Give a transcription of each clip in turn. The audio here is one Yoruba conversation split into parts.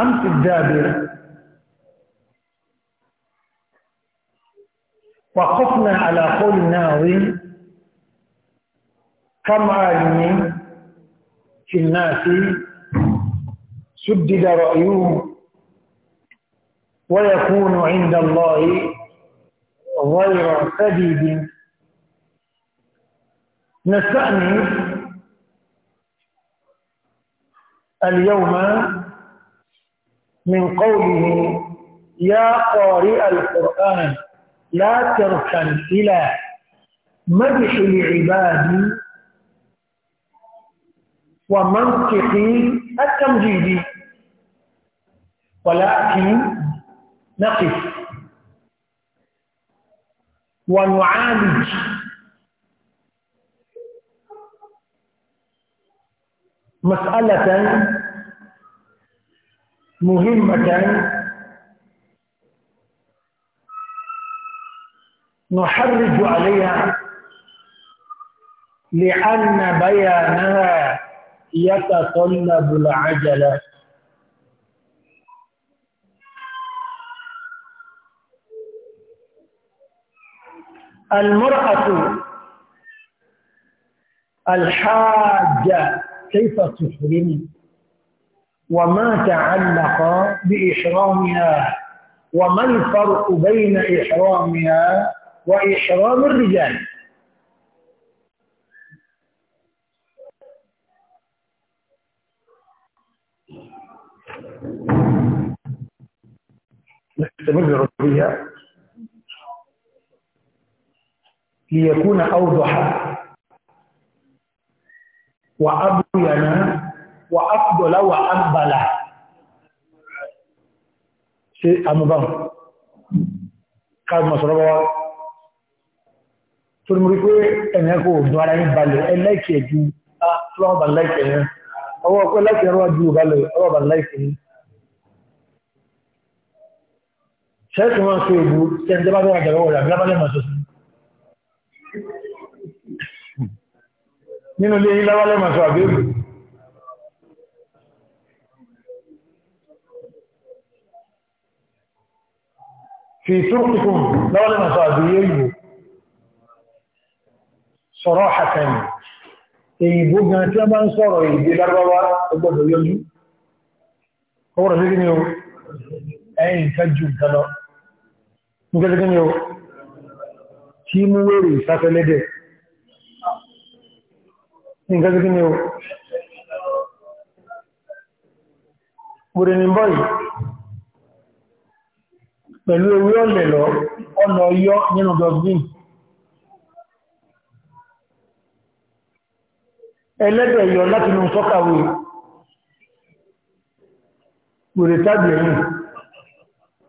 أم في الدابر وقفنا على قول ناظم كم عالم في الناس سدد رأيه ويكون عند الله غير سديد نسأني اليوم من قوله يا قارئ القرآن لا تركن إلى مدح العباد ومنطق التمجيد ولكن نقف ونعالج مسألة مهمة نحرج عليها لأن بيانها يتطلب العجلة المرأة الحاجة كيف تحرمك وما تعلق بإحرامها وما الفرق بين إحرامها وإحرام الرجال نستمر فيها ليكون أوضح وأبين wà áfìdọ̀lá wà ámbàlà ṣe àmúbàm káàkiri sọ̀rọ̀ wá tó ní mú pé ẹ̀nà kò dùn ara yín balẹ̀ ẹlẹ́kẹ̀ẹ́ ju ọwọ́ ọkọ̀ ẹlẹ́kẹ̀ẹ́ rọ́ ju balẹ̀ ọwọ́ balẹ̀ ṣẹ́ẹ̀tì wọn ṣe ìbú tẹ́ndẹ́ bá bẹ́rẹ̀ àjẹ́wọ́ rẹ̀ àbílábálẹ̀ máa sọ́sí nínú في طرقكم لولا مصابيه صراحة èyìnbó gan tí a bá ń sọ̀rọ̀ èdè lárúbáwá ọgbọ̀dọ̀ yọjú ọwọ́rọ̀ sí gíní o ẹ̀yìn ìtajú ìtàlọ́ nígbàtí gíní o tí mú wèrè ìsáfẹ́lẹ́dẹ̀ nígbàtí gíní o gbọ́dẹ̀ ní bọ́yìí pẹ̀lú ewé ọ̀lẹ̀ lọ ọ̀nà ọyọ́ nínú dustbin ẹlẹ́dẹ̀ yọ láti inú sọ́kàwé pèrè tàbí ẹ̀yìn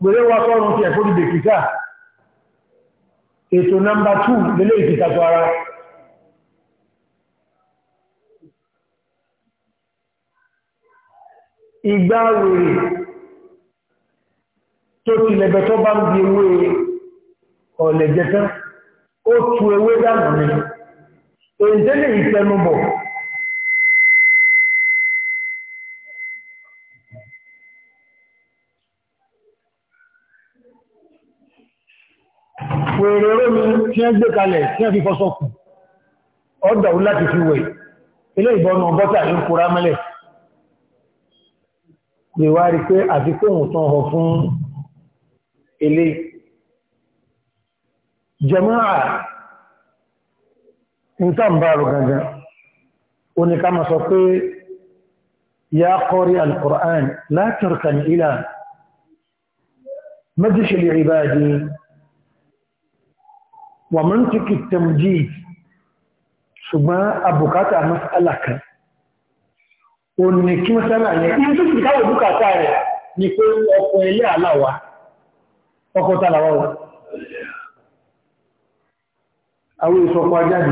pèrè wá sọ́run ti ẹ̀fọ́ dìde kìtà ètò nọmbà 2 lélé ìkìtà tó ara ìgbà wèrè tó ti lẹ̀bẹ̀ tó bá ń di ewé ọ̀lẹ̀jẹ̀ tán ó tu ewé dànù ni èyí lè tẹnu bọ̀ wèrè rómi tí wọ́n gbé kalẹ̀ tí wọ́n fi fọ́sọ́ kù ọ̀dà ó láti fi wẹ̀ ilé ìbọnù ọgọ́ta ní kúrá mẹ́lẹ̀ lè wá rí pé àfikún òun tán họ fún eléyìí jàmáà ìtàǹbàrò gangan ó ní ká máa sọ pé ya qari al-Qur'an la tarkan ila majlis al-ibadi wa mantiq at-tamjid ṣùgbọ́n abùkátà mas'ala kan ó ní kí mas'ala yẹn ní tó sì bùkátà rẹ̀ ni pé ọkùn ilé aláwàá ọkọ̀ tààlà wà wọ́n àwọn ìsọpọ̀ ajáde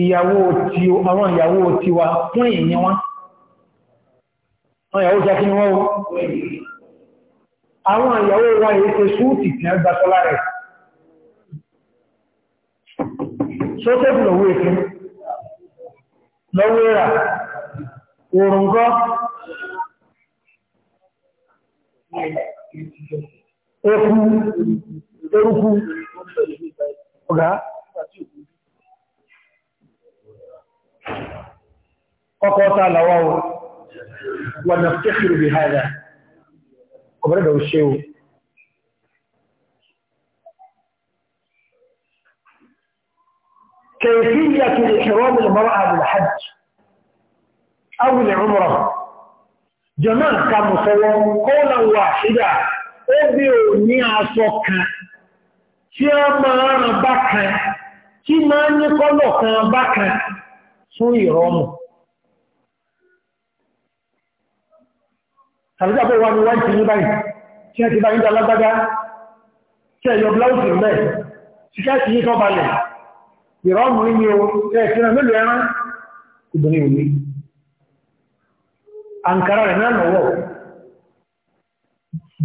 ìyàwó tí àwọn ìyàwó tí wa fún èyí wọn àwọn ìyàwó jákí wọ́n àwọn ìyàwó wọn èyí tẹ súùtì tí wọ́n gbàtọ́ lára ẹ̀ sọ́tẹ́bù lọ́wọ́ èké lọ́wọ́ ẹ̀rà òrùngọ́ Thank you. eku eruku ọ̀gá ọkọ̀ ọ̀ta àlàwà o wà nà tẹ́kìrì bí كيفية إحرام المرأة بالحج أو العمرة جماعة كمسوى قولا واحدا Ebi ò ní aṣọ kan tí ó máa ràn bákan tí máa ní kọ́lọ̀ kan bákan fún ìrọ́mù. Tàbíjà bó wà ní wáyé ti ní báyìí, tí ẹ ti bá ń jà lágbádá, tí ẹ yọ bláùsì mẹ́, tí ká ti yí tọ́ balẹ̀, ìrọ́mù ní o, ẹ ti rẹ̀ mélòó ẹran, obìnrin òní. Àǹkárá rẹ̀ náà lọ́wọ́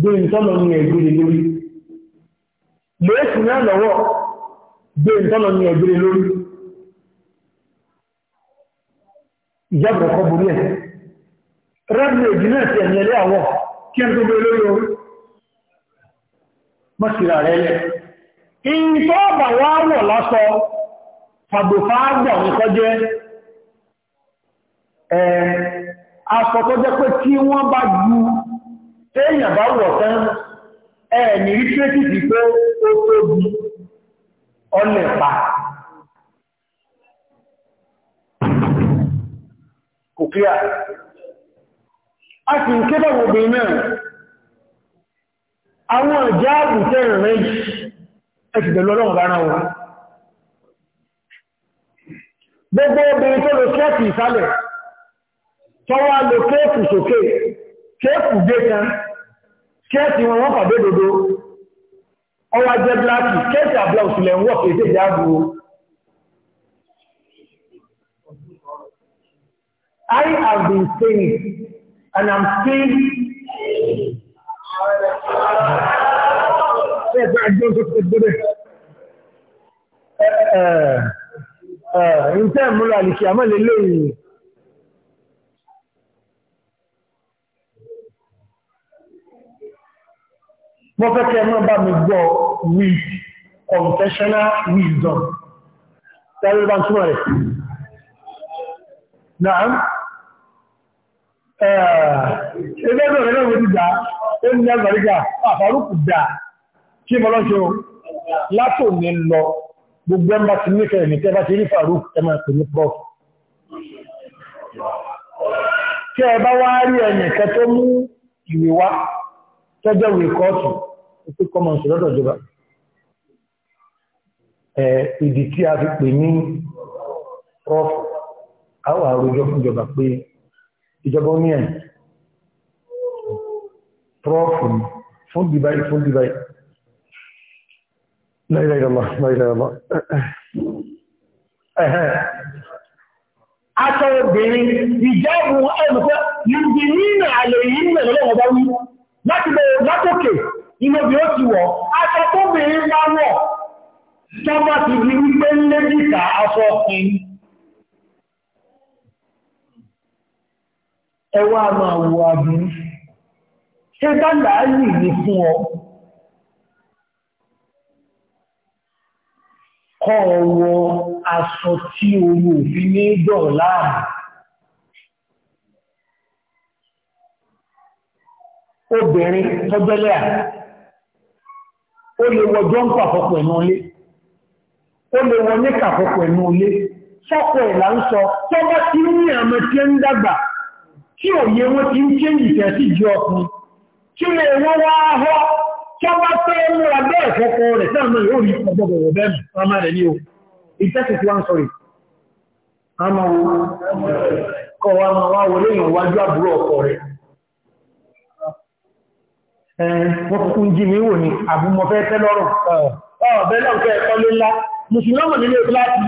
gbé ìtọ́lọ ní ẹgbẹ̀rẹ̀ lórí lẹ́ẹ̀sì náà lọ́wọ́ gbé ìtọ́lọ ní ẹgbẹ̀rẹ̀ lórí ìjábọ̀ ọkọ̀ borí ẹ̀ rẹ́bìnrin èjì náà ti ẹ̀mí ẹlẹ́ àwọ̀ kí ẹ tó gbé lórí o mọ́sílá pé tí wọ́n bá ju téèyàn bá wọ̀ tán ẹ̀ ní rí trékìtì pé ó tóbi ọlẹ̀ pa kò kíá a sì ń kébà obìnrin náà àwọn ìjáàbù tẹ́rìn rẹ̀ ẹ̀sì pẹ̀lú ọlọ́run bára wọn gbogbo obìnrin tó lọ kẹ́ẹ̀kì ìsàlẹ̀ tọ́wà lọ kẹ́ẹ̀kù sókè kẹ́ẹ̀kù dé kan kẹ́ẹ̀sì wọn wọ́n pàdé dodo ọwá jẹ́ bláàkì kẹ́ẹ̀sì àbúlá òṣìlẹ̀ ń wọ́ kéèké jáàbù I have been saying and I'm still ǹtẹ́ múlò àlìkì àmọ́ lè lóyìn mo fẹ́ kẹ́ mọ́ bá mi gbọ́ with confessional wisdom tẹ́lẹ̀ bá ń túnmọ̀ rẹ̀ náà ẹgbẹ́ bẹ̀rẹ̀ náà wọ́n ti dá ó ní ẹgbẹ̀rígà àfàrúkù dá kí mọ́ lọ́ṣọ́ látò ní lọ gbogbo ẹmbà ti nífẹ̀ẹ́ ní tẹ́bá ti rí fàrúkù ẹ máa pè ní prof kí ẹ bá wá rí ẹnìkẹ́ tó mú ìwé wá tẹ́jọ́ wí kóòtù pé kọ́mọ̀ sí lọ́dọ̀ ìjọba ìdí tí a fi pè ní prof àwọn àròjọ fún ìjọba pé ìjọba ó ní ẹ̀ prof fún dubai fún dubai láìláìlọ́lá láìláìlọ́lá aṣọ obìnrin ìjẹ́bù ẹnìkan yìí ní àlè yìí nà lọ́wọ́ bá wí láti bẹ̀rẹ̀ látòkè inúbi ó ti wọ̀ aṣọ tó bèèrè máa wọ̀ sọ́bà ti di wípé lẹ́dìkà aṣọ ọ̀pìn ẹwà máa wọ àbí ṣe bá láàáyì ní fún ọ kọ́ ọwọ́ aṣọ tí orí òfin ní dọ̀ láàrín obìnrin tọ́jẹ́lẹ́ à ó lè wọ jọ́ǹpù àfọ́pọ̀ ẹ̀nà ilé ó lè wọ níkà àfọ́pọ̀ ẹ̀nà ilé sọ́pọ̀ ẹ̀là ń sọ tó bá ti ní àmọ́ tí ń dàgbà tí òye wọn ti ń chéǹjì tẹ̀ sí ju ọkùnrin tí lè wọ́n wá họ́ tó bá pé múra bẹ́ẹ̀ fọ́kọ rẹ̀ sáàmù yóò rí ọjọ́ bọ̀wọ̀ bẹ́ẹ̀ ọmọ rẹ̀ ní o ìtẹ́sì tí wọ́n ń sọ rẹ̀ àmọ́ kọ́ wa máa wá wọlé ìwájú àbúrò ọkọ rẹ̀ wọ́n kúkú ń jí mi wò ní àbúmọ̀fẹ́ tẹ́ lọ́rùn ọ̀bẹ́ náà kẹ́ ẹ̀kọ́ ló ńlá mùsùlùmọ̀ nílé kíláàsì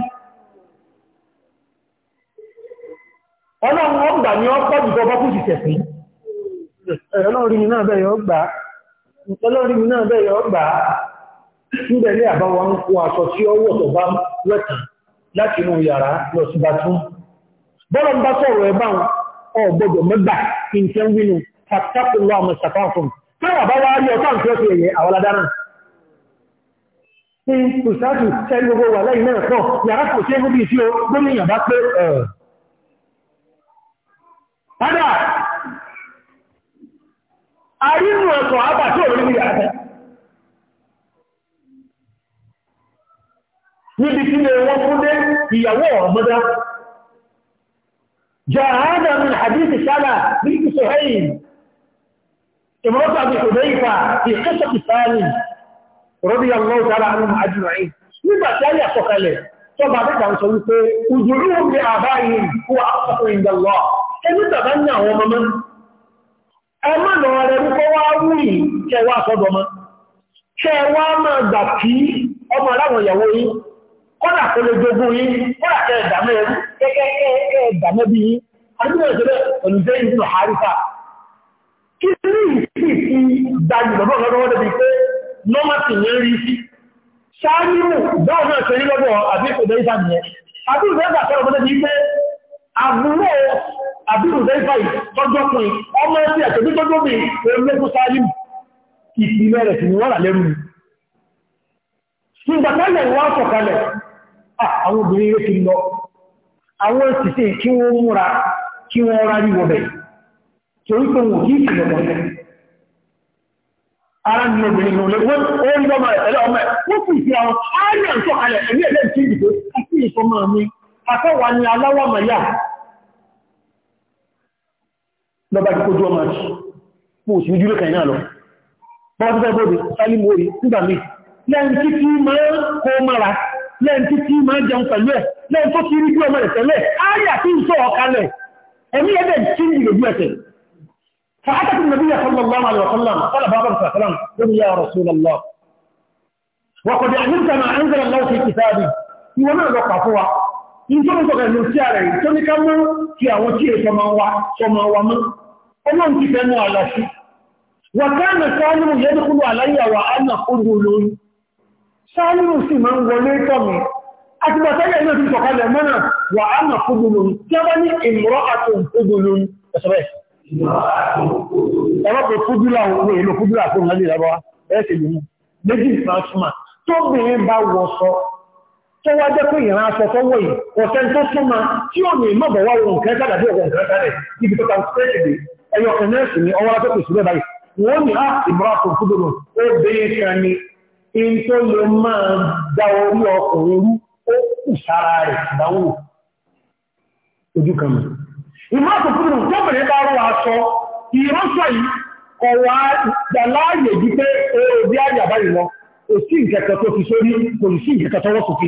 ọlọ́run ọgbà ni ó pọ̀ jùlọ bọ́kú sì tẹ̀sí ọlọ́rin mi náà bẹ́ẹ̀ yọ gbà níbẹ̀ ní àbáwọ̀ ń kó aṣọ tí ó wọ̀ tó bá wẹ̀tàn láti inú yàrá lọ sí bá tún bọ́lọ̀ ń bá sọ̀rọ̀ ẹ̀bá ọgbọ́gbọ̀ mẹ́bà kí n tẹ́ ń wínú tàbí tàbí lọ́wọ́ Mẹ́wàá bá wá rí ọ̀tọ́ nǹkan ọ̀sẹ̀ ẹ̀yẹ àwọn aládára. Ní ìsáàtù ẹni gbogbo wà lẹ́yìn náà pọ̀, yàrá kò ṣe gbogbo ìṣí o, gómìnà bá pé ẹ̀. Padà, a rí nù ẹ̀kọ́ àbà tí òun ní yàrá tẹ̀. Níbi tí lè wọ́n fún dé ìyàwó ọ̀mọdá. Jàhánà min hadith sálà ní Sùhẹ́yìn امرأة أبي حذيفة في قصة الثاني رضي الله تعالى عنهم أجمعين nígbà tí ayé àkọ́kọ́ lẹ̀ tó bá dẹ́gbà ń ta jùlọ́bọ̀ lọ́dọ́wọ́ dẹ̀bi pé nọ́màtì ní rí sí ṣáàlìmù bẹ́ẹ̀ náà ṣe rí lọ́dọ̀ àbíkùdẹ́ ìfà nìyẹn àbíkùdẹ́ ìfà sọ̀rọ̀ bọ́dẹ̀ bíi pé àbúrò àbíkùdẹ́ ìfà yìí tọ́jọ́ pin ọmọ ẹgbẹ́ àtẹ̀bí tọ́jọ́ mi ológun ṣáàlìmù ìpìlẹ̀ rẹ̀ sì ni wọ́n rà lẹ́rù mi. nígbà tẹ́lẹ̀ wá sọ̀kalẹ̀ àwọn obìnrin kí wọ́n múra kí ara ní obìnrin ní olè wọ́n ń gbọ́mọ ẹ̀lẹ́ ọmọ ẹ̀ wọ́n sì fi àwọn ààrẹ ń sọ̀kalẹ̀ ẹ̀mí ẹ̀lẹ́ ti ń dìbò àti ìfọmọ mi àtọ́wà ni aláwọ̀ mẹ́yà lọ́ba ti kójú ọmọ àti mo sì ní júlé kàìnà lọ bọ́n tó fẹ́ bóde sálí mo rí nígbà mi lẹ́yìn tí tí máa kó mara lẹ́yìn tí tí máa jẹun pẹ̀lú ẹ̀ lẹ́yìn tó ti rí bí ọmọ rẹ̀ tẹ́lẹ̀ ààrẹ àti ìṣọ́ ọ̀kalẹ̀ ẹ̀mí ẹ̀dẹ̀ tí ń dìbò فأتت النبي صلى الله عليه وسلم قال بابا صلى الله عليه وسلم يا رسول الله وقد علمت ما أنزل الله في كتابه وما وقفوا إن كنت غير سياري تنكم في أوتيه كما سماوة من ومن كتابه على شيء وكان سالم يدخل علي وأنا قدل سالم سمن وليتم أثبت لي أنه في سقال منا وأنا قدل كبني امرأة قدل أسباب ọlọ́pẹ̀ fúdúrà òun èlò fúdúrà tó ń lálẹ́ ìrọ̀wá ẹ́sẹ̀ lè mú méjì ìfàṣùmà tó bèèrè bá wọ sọ tó wá jẹ́ pé ìran aṣọ tó wọ̀ yìí ọ̀sẹ̀ tó súnmọ́ tí ò ní mọ̀bọ̀ wá ohun kẹta dàbí ọ̀gọ̀ nǹkan kẹta rẹ̀ ibi tó ta ṣẹ́ẹ̀dì ẹyọ kẹnẹ́ẹ̀sì ni ọwọ́ tó pèsè báyìí wọ́n ní á ìmọ̀ra tó fúdúrà ó bèèrè kan ni in tó lè máa da orí ọkùnrin rú ó kù sára rẹ̀ dáwò ojú kan mìíràn ìmọ́tò fún ìrùn tó bèèrè bá rọ aṣọ ìránṣọ́ yìí ọ̀wà ìgbàláàyè jí pé oòrùn àrí àbáyé lọ kò sí ìkẹ̀kẹ̀ tó fi sórí kò sí ìkẹ̀kẹ̀ tọwọ́ sókè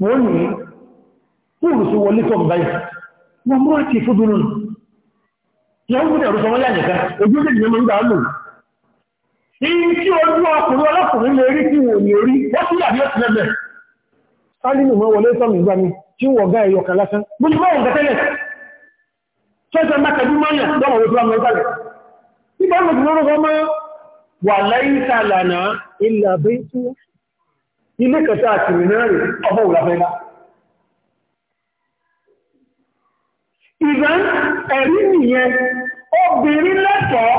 wọ́n ní fúrù sí wọlé tó ń báyìí wọ́n mú àti fúdúrú yẹn gbọ́dọ̀ rú sọmọ́lá nìkan ojú lè nìyẹn máa ń gbà á lò ìyí tí ojú ọkùnrin ọlọ́kùnrin lè rí tí wò ní orí wọ́n sí yàrá yóò ti lẹ́bẹ̀ẹ́ sálínù mọ́ wọlé tọ́mì gbá mi tí wọ́n gá ẹ̀yọ kan lásán gbogbo báwọn nǹkan tẹ́lẹ̀ tẹ́sán bá kẹjú mọ́yà lọ́wọ́ ló tó wà mọ́ta rẹ̀ nígbà wọn ti lọ́rọ̀ ọmọ wà láyé sàlànà ilẹ̀ àbẹ́ tí wọ́n ilé kẹta àtìrì ìgbọ́n ẹ̀rí nìyẹn obìnrin lẹ́tọ̀ọ́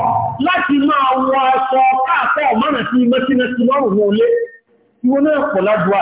láti máa wọ aṣọ káàkọ́ mọ́nà sí mọ́sínà sí lọ́rùn ní olé ìwọ náà pọ̀ lájúwà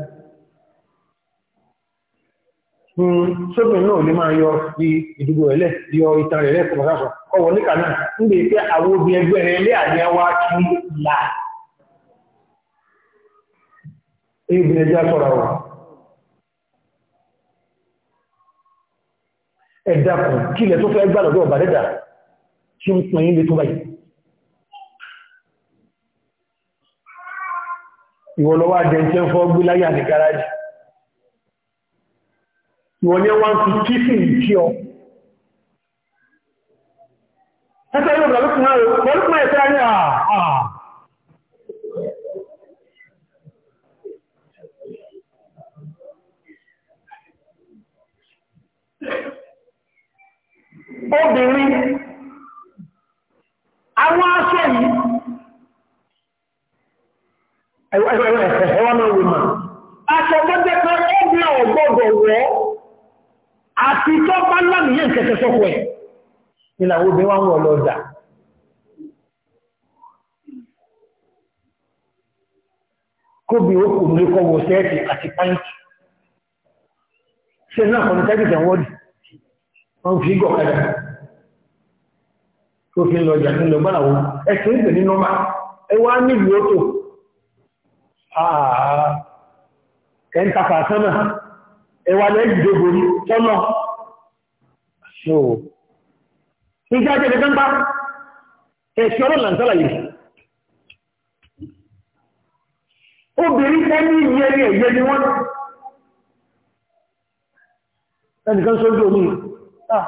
Hmm, sóbìnrin náà lè máa yọ di ìdúgbò ẹ̀lẹ́ yọ ìtàn rẹ̀ lẹ́kọ̀ọ́ lọ́sọ̀ ọwọ́ níkà náà ń lè pé àwọn obìnrin ẹgbẹ́ rẹ̀ lé àní kí là. Ebìnrin ẹja sọ̀rọ̀ wà. Ẹ dákun kí ilẹ̀ tó fẹ́ gbà lọ́dọ̀ ọ̀bà dẹ́dà tí ń pin ìwọ̀n ni wọ́n fi kí sí ìkí ọ. Ẹgbẹ́ yóò gbàlú fún ààrẹ, wọ́n ní pẹ́ ẹ̀fẹ́ ní àà. Obìnrin, àwọn aṣọ yìí, ẹwà mẹ́wàá, aṣọ gbọ́jẹ́ pé ó bí ọ̀gbọ́gbọ̀ wọ́ àti tó bá lámìyàn kẹ̀kẹ́ sọ́kọ̀ ẹ̀ ìlàwó bí wọ́n wọ́n lọ dà kóbi ó kò ní kọwọ́ sẹ́ẹ̀tì àti pàǹtì ṣe náà kọ̀nà tẹ́gìtì wọ́dì wọ́n fi gọ̀ kadà tó fi lọ jà nílò gbáàwó ẹ̀sùn ìpè ní nọ́mà ẹwà nílùú ó tò ẹwà lẹ́yìn dégborí tọ́nà ṣò nígbà jẹ́ ìdẹ́gbà ẹ̀ṣọ́ ọ̀rọ̀ làǹtọ́là yìí obìnrin tẹ́ ní ìyẹrí ẹ̀yẹ ni wọ́n ẹnìkan sójú omi ah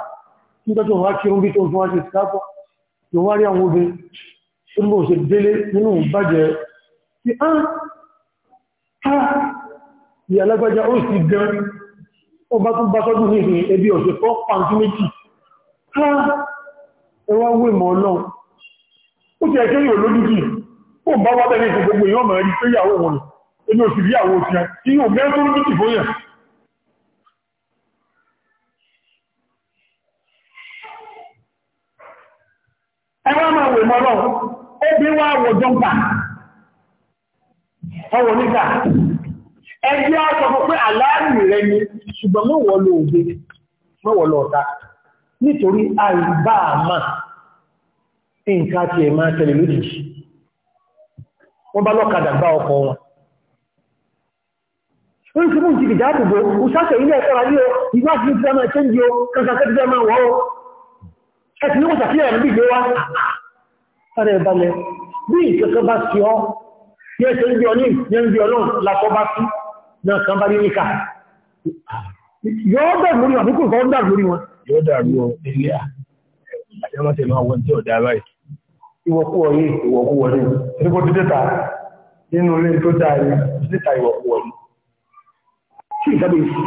nígbà tó wá kírun bí tó fún wá sí ìsìkápọ̀ tó wá rí àwọn obìnrin tó mọ̀ sí délé nínú bàjẹ́ sí ah ah ìyàlágbájá ó sì gan ọba tó bá sọ́dún ní ìhìn ẹbí ọ̀sẹ̀ tó pàǹtí méjì ha ẹwà wé mọ́ ọlọ́run ó ti ẹ̀kẹ́ yóò lójúkì ó bá wá bẹ̀rẹ̀ ìgbogbo èèyàn mọ̀ rí pé yàwó wọn èmi ò sì rí àwọn òfin tí yóò mẹ́rin tó lójúkì fún yàn ẹwà máa wè mọ́ ọlọ́run ó bí wá àwọ̀ jọ́ǹpà ọwọ̀ ẹgbẹ́ ọ̀sọ̀fọ́ pé aláàrù rẹ ni ṣùgbọ́n mọ́wọ́ ló ògbé mọ́wọ́ lọ ọ̀tá nítorí àìbá àmà nǹkan ti ẹ̀ máa tẹ̀lé lójijì wọ́n bá lọ́kadà gbá ọkọ̀ wọn orí tí mú ti dìdá àbùgbò òṣàṣẹ̀ ilé ẹ̀kọ́ ayé o ìgbàtí ti dámà ẹ̀ṣẹ́ ìjọ kankankan ti dámà wọ́ ẹ̀tì bí ọ ní ẹ̀ṣẹ́ ọlọ́run lápọ́ bá sí náà kan bá ní níkà yóò dàrú lórí wọn àbúkù kan dàrú lórí wọn. yóò dàrú ọ ilé à àyàmọ́tẹ̀ máa wọ tí ọ̀dà báyìí. ìwọ̀kú ọ̀yẹ́ ìwọ̀kú wọlé nígbó dídé ta nínú ilé tó dáa ní dídé ta ìwọ̀kú wọlé. kí ìdábẹ́ yìí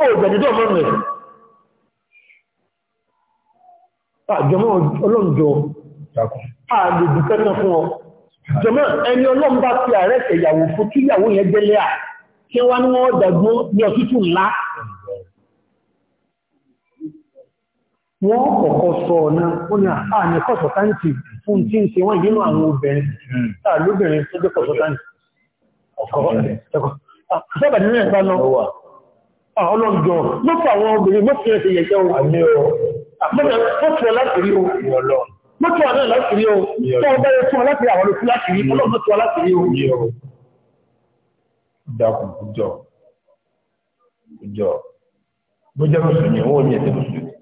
ó gbẹ̀dẹ̀ tó mọ́nu ẹ̀. àjọmọ́ ọlọ́njọ́ àlè dùkẹ́ fún ọ jọmọ́ ẹni ọlọ́run fi ààrẹ tẹ̀yàwó fún kíyàwó yẹn gbẹ́lẹ́ kí wá ní wọ́n dàgbó ní ọ̀tútù ńlá wọ́n kọ̀kọ́ sọ náà ó ní àà ah, ní kọ̀sọ̀tántì fún tí ń ṣe wọ́n ìdínú àwọn obìnrin tàà hmm. ah, lóbìnrin tó jẹ́ kọ̀sọ̀tántì ọlọ́jọ́ ló fà àwọn obìnrin mọ́tí ẹ̀ṣẹ̀ yẹ̀kẹ́ o mọ́tí ah, láti rí o mọ́tí wà náà láti rí o tó ọgbẹ́ ẹ̀ṣùn láti rí àwọn olùsí láti rí ọlọ́mọ́tí wà láti rí o dákun kújọ kújọ bó jẹ́ mùsùlùmí wọ́n ní ẹ̀sẹ̀ mùsùlùmí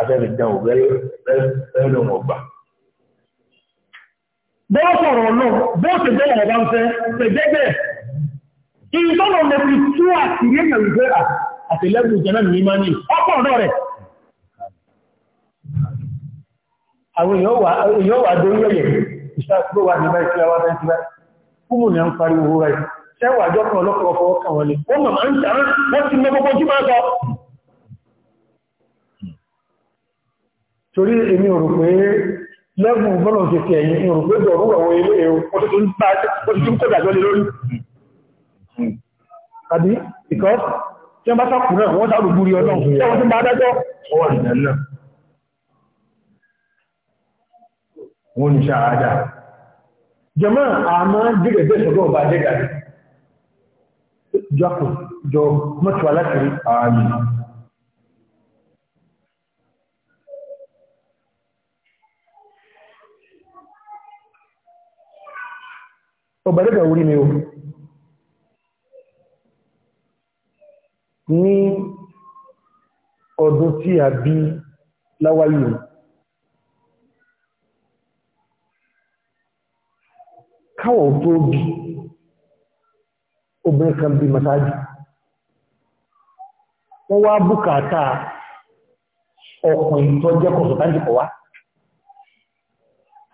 afẹ́fẹ́ jẹ́ òun bẹ́ẹ̀ ló wọ́n gbà. bọ́ọ̀ sọ̀rọ̀ náà bọ́ọ̀ sì jẹ́ ọ̀rọ̀ bá ń fẹ́ pẹ̀jẹ́ tẹ́wà jọ́kùn ọlọ́kọ̀ ọ̀fọwọ́ kan wọlé ó mọ̀ máa ń tàá wọ́n ti mọ́ gbogbo jí máa sọ torí èmi ò rò pé lẹ́gùn gbọ́nà ti fi ẹ̀yìn ò rò pé dọ̀rún ọ̀wọ̀ ilé ẹ̀rọ ó ti tún kó dàjọ́ lé lórí tàbí ìkọ́ tí wọ́n bá sàkùn náà wọ́n àmọ́ jẹ́gẹ̀ẹ́gẹ́ sọ́gbọ́n bá jẹ́gẹ̀ẹ́ jọ́kù jọ mọ́tò aláṣìírí ààyè ọ̀bẹ̀rẹ̀bẹ̀ orí mi o ní ọdún tí a bí láwáyé káwọ̀ tó bí obìnrin kan bí masáájì wọ́n wá bùkátà ọkùnrin tó jẹ́ kọ̀sọ̀tájì kọ̀ wá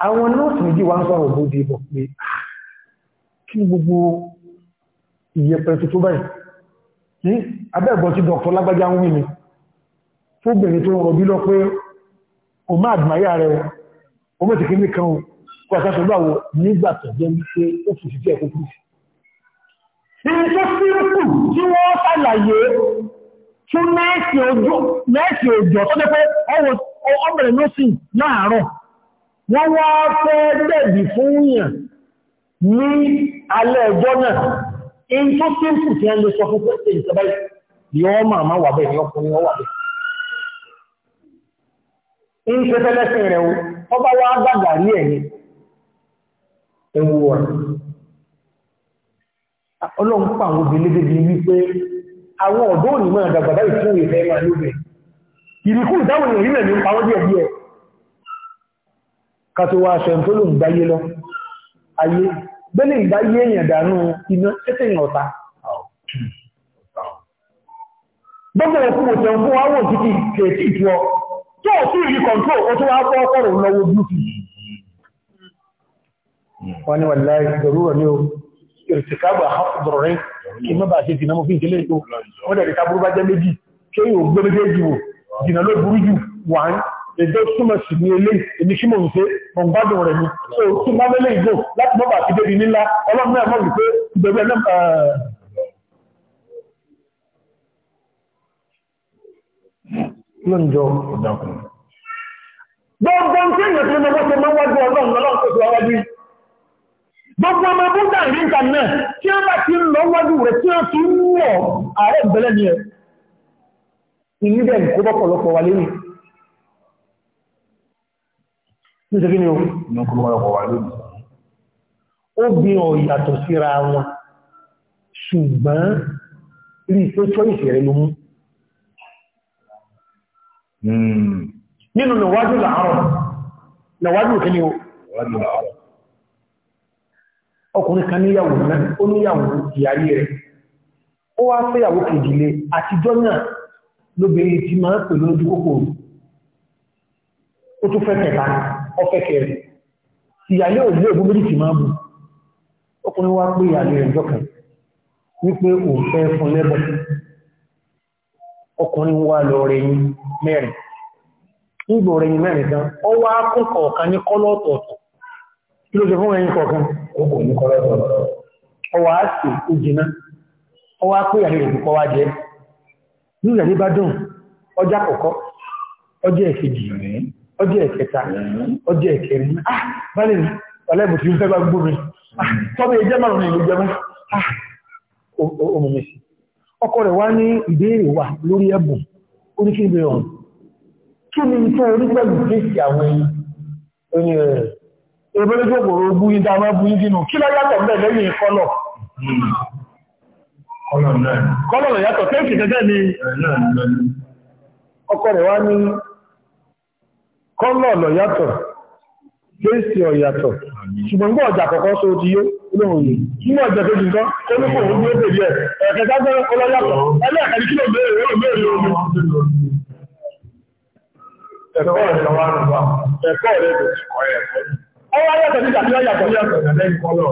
àwọn nọ́ọ̀sì méjì wá ń sọ̀rọ̀ bó di ìbọ̀ pé ah, kí ni gbogbo ìyẹpẹ̀ tuntun báyìí kí abẹ́ẹ̀gbọ́n tí dọ̀tọ̀ lágbájá ń wí ni fóbìnrin tó ń rọbí lọ pé o máa àdìmáyà rẹ̀ o mọ́ ti kí ní kan o kọ́ àkásọ̀gbà wo nígbà tó jẹ́ wípé ó fi ṣiṣẹ́ ẹ̀kọ́ Irinṣẹ́ síríkù tí wọ́n ṣàlàyé fún mẹ́ẹ̀sì òjò tó dẹ́pẹ́ ọbẹ̀rẹ̀ ló sì láàárọ̀. Wọ́n wá fẹ́ gbẹ̀bì fún yàn ní alẹ́ ẹjọ́ náà. In síríkù tí wọ́n lè sọ fún pẹ́sẹ̀ ìjọba wà bẹ́ẹ̀ ọkùnrin wọ́n wà bẹ́ẹ̀. ṣe rẹ̀ Ewu ọlọ́run pa àwọn obìnrin lédè bíi wípé àwọn ọ̀dọ́ òní máa dàgbà ìfẹ́ máa lóbẹ̀ ìrìkú ìdáwọn èèyàn nílẹ̀ ní pàwọ́ díẹ̀ díẹ̀ lọ ayé bẹ́lẹ̀ èèyàn iná ọ̀tá gbogbo ẹ̀kú ò ìrìtìkágbà àpọ̀dọ̀rọ̀ rẹ̀ kí mọ́ bá ṣe dìnà mọ́ fi ìdílé ètò wọ́n dẹ̀ ká burú bá jẹ́ méjì kí yóò gbé méjèèjì wò dìnà ló burú jù wà ń ẹjọ́ súnmọ̀ sí ní ilé èmi kí mò ń ṣe mọ̀ ń gbádùn rẹ̀ ni so tún bá mẹ́lẹ̀ ìgbò láti mọ́ bá ti débi nílá ọlọ́run náà mọ̀ wípé ìgbẹ̀gbẹ̀ náà lọ́njọ́ mọ́ gbogbo ọmọ búndà rí nǹkan náà tí wọ́n bá ti ń lọ wájú rẹ̀ tí wọ́n ti ń wọ̀ ààrẹ ìbẹ̀lẹ̀ ni ẹ̀ ìní bẹ́ẹ̀ kó bọ́pọ̀lọpọ̀ wà lẹ́yìn nítorí ni ó ní kó bọ́pọ̀lọpọ̀ wà lẹ́yìn ó bí ọ yàtọ̀ síra wọn ṣùgbọ́n rí pé choice rẹ̀ ló mú hmm. nínú nàwájú làárọ̀ nàwájú kí ni ó ọkùnrin kan níyàwó náà ó níyàwó ìyàrí rẹ̀ ó wá fẹ́yàwó kejìlé àtijọ́ náà lóbìnrin ti máa ń pè lójú kòkòrò ó tún fẹ́ kẹta ọfẹ́ kẹrin ìyàlẹ́ òní ògùn méjì ti máa ń bù ọkùnrin wá pé ìyàlẹ́ rẹ̀ jọ́kàn wípé òun fẹ́ fún lẹ́bọ̀ ọkùnrin wá lọ rẹ̀yìn mẹ́rin nígbò rẹ̀yìn mẹ́rin gan ọ wá ní kọ́lọ́ ọ̀tọ̀ọ̀tọ̀ kí ló ṣe fún rẹ̀yìn kọ̀ọ̀kan ó kò ní kọ́rọ́ tọ̀ ọwọ́ á sì ó wá jẹ́ nílẹ̀ ní ọjà kọkọ ọjọ́ ẹ̀kejì ọjọ́ ẹ̀kẹta ọjọ́ ẹ̀kẹrin ah, báyìí ń bá ah márùn-ún ìlú ah, ọkọ rẹ̀ wá ní ìbéèrè wà lórí ẹ̀bùn ọ̀hún kí ni orí pẹ̀lú àwọn ẹni ebẹ́rẹ́ jòkòrò búyí dámá búyí dínú kí lọ yàtọ̀ bẹ́ẹ̀ lẹ́yìn kọ́lọ̀ kọ́lọ̀ lọ yàtọ̀ kéèkì gẹ́gẹ́ ni ọkọ̀ rẹ̀ wá ní kọ́lọ̀ lọ yàtọ̀ kéèsì ọ̀yàtọ̀ ṣùgbọ́n gbọ́ ọjà kọ̀kọ́ só ti yó lóhun yìí nígbà ọjà kejì nǹkan tó ní kò ní èdè díẹ̀ ẹ̀kọ́ rẹ̀ ó wá yàtọ̀ nígbà tí ó yàtọ̀ yàtọ̀ lẹ́yìn kọ́lọ̀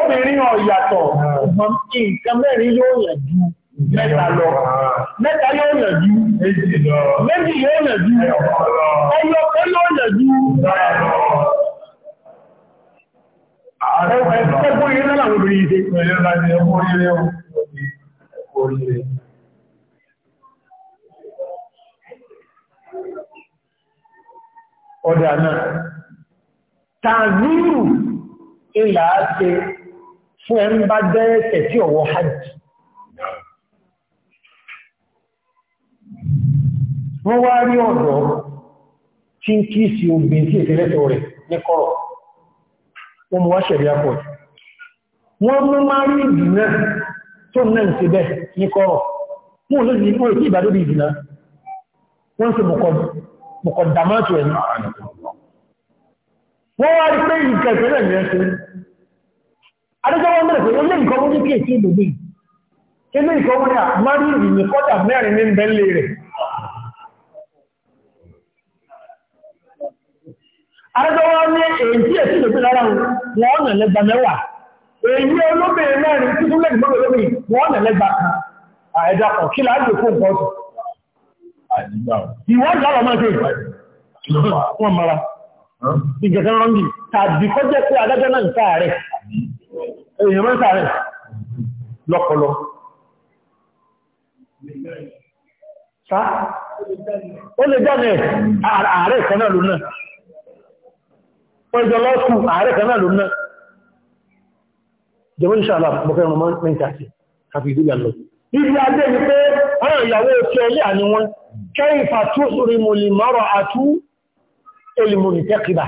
obìnrin ọ̀yàtọ̀ ah. nǹkan mẹ́rin yóò yàn ju mẹ́ta lọ ah. mẹ́ta yóò yàn ju méjì yóò yàn ju ẹyọ kan yóò yàn ju ah. ẹgbẹ́ ìrìnlẹ̀ àwọn obìnrin yìí dé. ọ̀dà náà tààzírù ilà á ṣe fún ẹ ń bá dẹ́ẹ̀ṣẹ̀ tí ọ̀wọ́ hajj wọ́n wá rí ọ̀dọ́ tí ń kí sí obìn sí ìfẹ́lẹ́tọ̀ rẹ̀ ní kọ́rọ̀ wọ́n mú wá ṣẹ̀rí apọ̀ wọ́n mú máa rí ìdìnà tó náà ń ṣe bẹ́ẹ̀ ní kọ́rọ̀ wọ́n lóòrùn mọ̀kọ̀dámátò ẹ̀mí wọ́n wá rí pé nǹkan ìpínlẹ̀ ní ẹsẹ̀ adéjọ́wọ́ mẹ́rin pé ó lé nǹkan mú ní kéèké ìlúgbìn kí lé nǹkan mú ní àmárí ìrìn kọ́dà mẹ́rin ní bẹ́lẹ̀ rẹ̀ adéjọ́wọ́ ní èyí tí èsì ìlúgbìn lára wọn ọ̀nà lẹ́gba mẹ́wàá èyí Ìwọ́n ìjọba máa ṣe wọ́n mara. Ìjẹ̀kan rọ́ngì tàbí kọ́ jẹ́ pé adájọ́ náà ń sáàrẹ̀. Èèyàn máa ń sáàrẹ̀ lọ́pọlọ. Sá? Ó lè jáde ààrẹ kan náà lónà. Pẹ́jọ lọ́sùn ààrẹ kan náà lónà. Jẹ́wọ́n ìṣàlá mọ̀kẹ́rùn-ún mọ́ níbi adé ni pé àwọn ìyàwó tí ọlé àní wọn kẹ́yìnfà tó sórí mo lè mọ́rọ̀ àtú olùmòrì tẹ́kìbà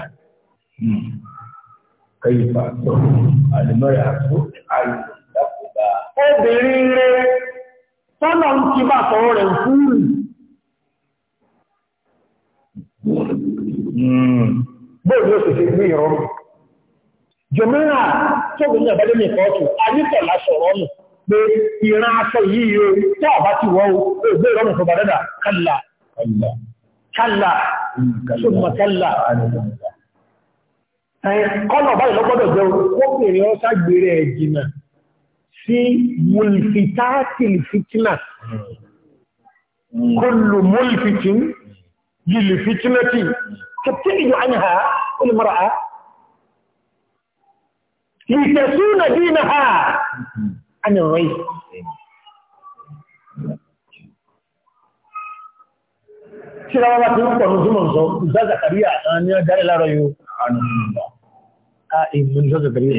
obìnrin rẹ̀ tọ́nà ń ti bá sọ̀rọ̀ rẹ̀ fúrù hmm. bóòdí ó sì fi gbé ìrọ̀rùn jọmọ́nà tó gbé ní àbádé mẹ́kọ̀ọ́tù a nítọ̀lá pé ìran aṣọ yìí o tó ọ̀bá ti wọ́ o gbé ìrọ̀rùn fún bàdẹ́dà kálà kálà ṣùgbọ́n kálà kọ́nà báyìí lọ́gbọ́dọ̀ jẹ́ kókèrè ọ́sá gbèrè ẹ̀jìnà sí mulfitatil fitna kullu mulfitin lil fitnati tabtidi anha kul mar'a yasuna dinaha عن الرئيس tí ra wá tí ó pọ̀ lójúmọ̀ sọ ìgbázàkàríà ah, ah, ní ọjáre láàrọ̀ yóò ìmọ̀ni sọ́zàkàríà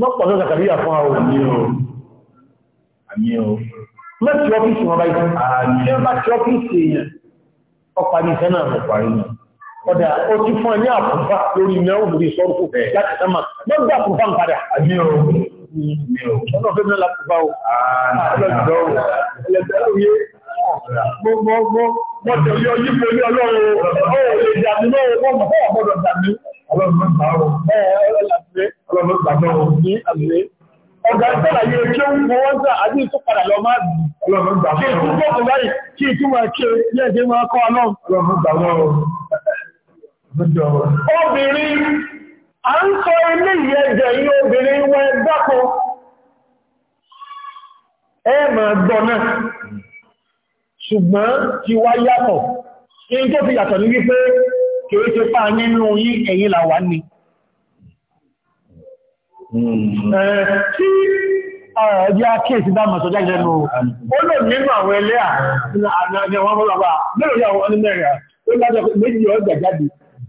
mọ́pọ̀ sọ́zàkàríà fún àwọn mẹ́tí ọ́fíìsì wọn báyìí tí ó bá tí ọ́fíìsì èèyàn ọpa ní sẹ́nà ọpa ìyàn ọ̀dà ó ti fún ẹ ní àkùnfà lórí iná òbúrí sọ́rùkù láti sánmà gbọ́gbà àkùnfà ń padà àmì o ọ̀nà fẹ́ mẹ́lá àkùnfà o ọlọ́jọ́ ẹlẹ́gbẹ́ òye gbogbogbò mọ́tò yọ yípo ní ọlọ́run ó lè dàmí náà wọ́n mọ̀ fún ọ̀gbọ́dọ̀ dàmí ọlọ́run gbà ó ọlọ́run gbà náà ọ̀gá ìtọ́lá yẹ kí ó sá àbí ìtú lọ máa bì. Ọlọ́run gbà Kí ìtú bọ̀ báyìí kí ìtú máa ké bí máa kọ́ ọlọ́run. Ọlọ́run gbà Obìnrin, a ń sọ ilé ìyẹ́jẹ̀ yí obìnrin wọ ẹgbẹ́ kan, ẹ mọ̀ gbọ́ náà, ṣùgbọ́n ti wá yàtọ̀. Yí tó fi yàtọ̀ ní wípé kìí ṣe pàá nínú yí ẹ̀yìn làwà ní. Hmm. Tí ọ̀rọ̀ akéèsì bá mọ̀sọ̀ jáde lọ, ó lò nínú àwọn ẹlẹ́ àwọn àwọn àwọn àwọn àwọn àwọn àwọn àwọn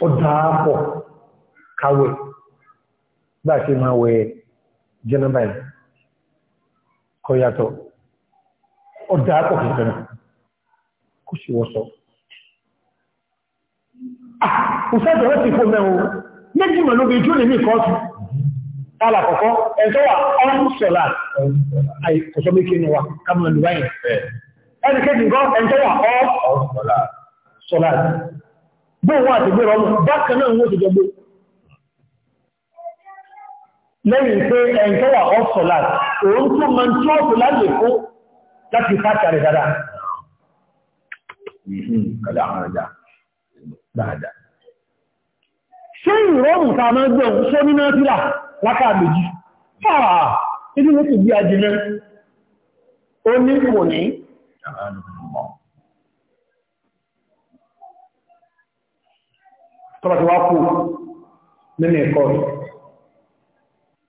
ó dáàpọ̀ káwẹ̀ bá ṣe máa wẹ̀ jẹ́nàbà ẹ̀ kọ yàtọ̀ ó dáàpọ̀ kìtẹ̀nà kò ah, sí wọ́sọ̀ òṣèjọ́ ti fún mẹ́wọ́ méjì mọ̀ lóbi jú nìmí kọ́ọ̀tù alàkọ̀kọ́ ẹ̀tọ́ wà ọ́nṣọ́lá àìkọ̀ṣọ́míkí ni wà kámọ̀ lùbáyìn ẹni kéjì gọ́ ẹ̀tọ́ wà ọ́ṣọ́lá gbóòwò àti gbé rọrùn bákan náà wó ti jọgbó lẹ́yìn pé ẹ̀ǹtọ́wà ọ̀sọ̀lá òun tó ma ń tí ọ̀sọ̀lá lè fún láti fàtà mhm, rẹ̀ dáadáa ṣé ìrọ̀rùn ta máa gbọ́n ṣé ní náà tíra láká méjì fàà ilé ló ti gbé ajínà ó ní kò ní tọ́ba ti wá kú nínú ẹ̀kọ́ rẹ̀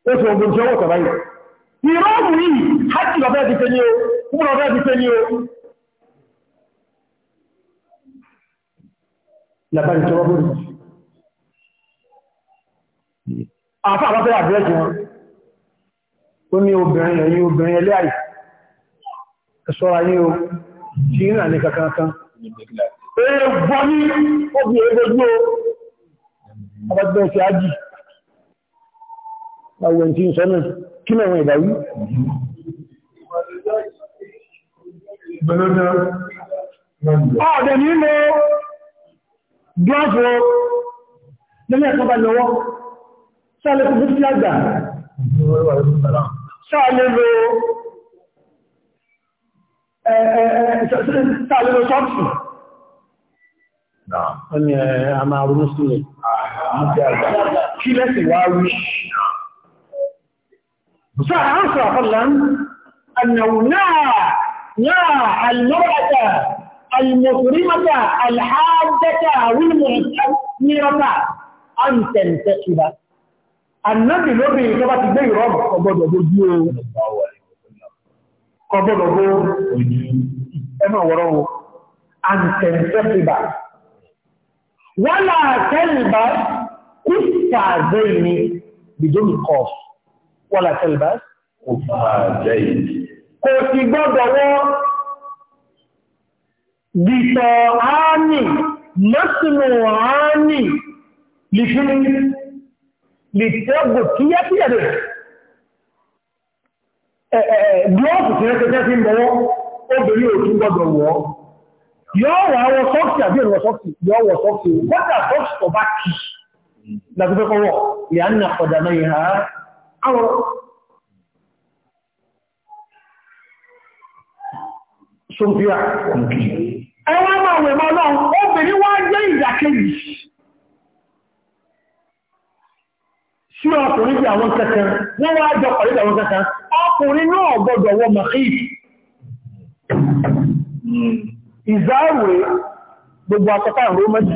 ó sì ogun tí ó wọ́n tọ̀bá yìí ìrọ́ọ̀mù yìí hajji lọ́fẹ́ ti tẹ́ni o kúmù lọ́fẹ́ ti tẹ́ni o lábáyé tí wọ́n bó rí àfá àbáfẹ́ àbúrẹ́jì wọn ó ní obìnrin ẹ̀yìn obìnrin ẹlẹ́ àì ẹ̀ṣọ́ra yìí o tí ìrìnà ní kankan kan ẹgbọ́ ní obìnrin ẹgbẹ́jú o ọba ti bẹ́ẹ̀ sí ájì láwọ̀ ẹni tí ń sọ náà kí náà wọ́n ìdáwí ọ̀dẹ̀ ní lo gíláàsì lẹ́yìn ẹ̀kọ́ bá lọ́wọ́ sáàlẹ̀ kò fún fílágbà sáàlẹ̀ lo sáàlẹ̀ lo sọ́ọ̀tù ọ̀nà àmà àrùn sílẹ̀ àmúgbé àgbà kí lẹ́sìn wá rí فأعرف فضلا أنه لا لا المرأة المسلمة الحاجة والمعتمرة أن تنتقب النبي لو بي لو بي بي رب قبض بجيو قبض بجيو أما وراه أن تنتقب ولا تلبس كالكعبين بدون قاف ولا تلبس قفازين kò sì gbọ́dọ̀ wọ́ dìtọ̀ áánì mọ́sùnù áánì lìfún lìtẹ́gbò kí yá kí ẹ̀rẹ̀ glọ́ọ̀pù tí rẹ́kẹ́kẹ́ fi ń bọ̀wọ́ obìnrin ò tún gbọ́dọ̀ wọ́ yọ́ wọ́ sọ́ọ̀sì àbí ìrọ̀ sọ́ọ̀sì yọ́ wọ́ sọ́ọ̀sì wọ́n لكن قوة لأن قدميها عورة صوفيا ẹwà máa wẹ̀ máa lọ́wọ́ obìnrin wá jẹ́ ìdàkejì sí ọkùnrin bí àwọn kẹta wọ́n wá jọ pàdé àwọn kẹta ọkùnrin náà gbọdọ̀ wọ mahid ìzáàrùn gbogbo akọta ìrò mẹ́jì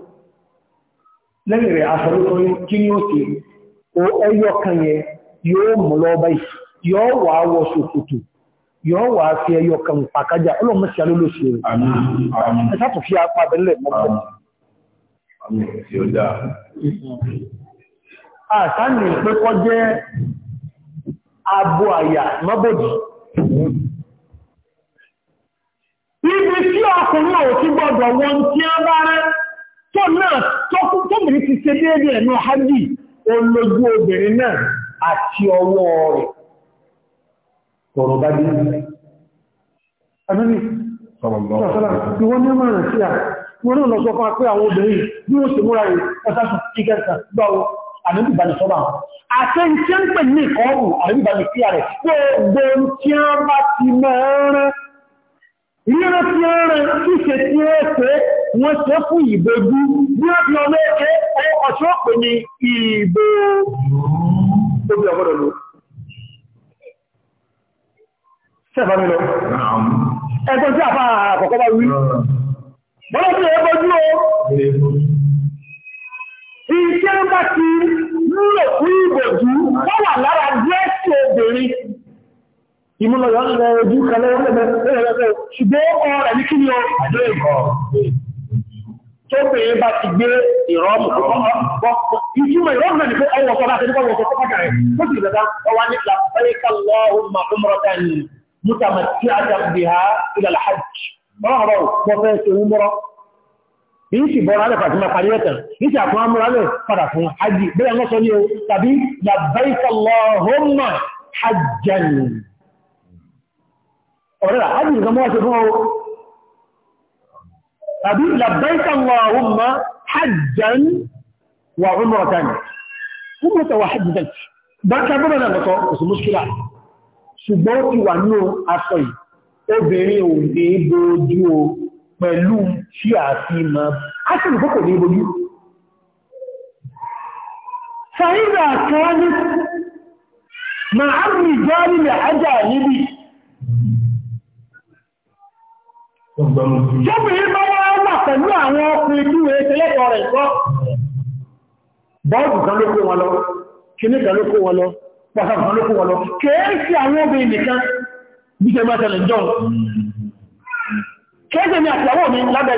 lẹ́yìn rẹ̀ àṣàrúkọ ní kí ní òkè o ẹyọ kan yẹn yóò mú lọ báyìí yóò wà wọ ṣòkòtò yóò wà fi ẹyọ kan pàkájà ọlọ́mọ sí alólòsì rẹ̀ ẹ̀sà tó fi apá abẹ́lẹ̀ mọ́pẹ́ àtàní jẹ́ abo àyà mọ́bòdì ibi tí ọkùnrin ò ti wọn tí bá tó náà tóbìnrin ti ṣe déédé ẹ̀nà hajji olójú obìnrin náà àti ọwọ́ rẹ̀ tọ̀rọ̀ bá dé wọ́n náà lọ sọ fún pé àwọn obìnrin bí ó sì múra rẹ̀ ọ̀sásù ìkẹta gbọ́wọ́ àdébìbàní sọ́bà àti ń tí ń pè ní ìkọrù àdébìbàní sí ààrẹ pé gbogbo tí a bá ti mẹ́rin ríran tí wọ́n ṣe fún ìbòjú bí ó ọmọ èké ọ̀ṣọ́ òpè ní ìbò tóbi ọgbọ́dọ̀ lò sẹ́fà mi ẹgbẹ́ tí àfà àkọ́kọ́ bá wí bọ́lá tí ó bójú o iṣẹ́ bá ti múlò fún ìbòjú wọ́n wà lára dírẹ́sì obìnrin ìmúlọ̀yọ́ ń ojú kan lẹ́yìn ṣùgbọ́n ọkọ ní kí ni ọ àdó tó bèèrè bá ti gbé ìrọ́mù ìtumọ̀ ìrọ́mù náà ni pé ọwọ́ sọ́dá àti nípa ọwọ́ sọ́dá rẹ̀ ó sì gbẹ̀dá ọwá ní ìlàpẹ́ríkà lọ́hùnmà ọmọrọ̀ta ni mútàmà tí a jà bí ha ilẹ̀ alhajj ọ̀rọ̀ bọ́ fẹ́ ṣe ń mọ́rọ́ yìí sì bọ́ra alẹ́ pàtí máa parí ẹ̀tàn yìí sì أبيه لبيك اللهم حجا وعمرة تانية كم يتوحد ذلك بقى كبيرا لك بس مشكلة سبوتي وانو أصي أبيني ودي بوديو ملوم شيء عسيمة أصلا فوق ودي بوديو فإذا كانت مع الرجال لعجالبك Jóbìnrin bá wá wà pẹ̀lú àwọn ọkùnrin tí wèé tẹ́lẹ̀ kọ rẹ̀ kọ́. Bọ́ọ̀dù kan ló kó wọn lọ, kìíní kan ló kó wọn lọ, pàtàkì kan ló kó wọn lọ. Kèéṣì àwọn obìnrin nìkan bí ṣe máa tẹ̀lẹ̀ jọ. Kèéṣì àtìyàwó mi lábẹ́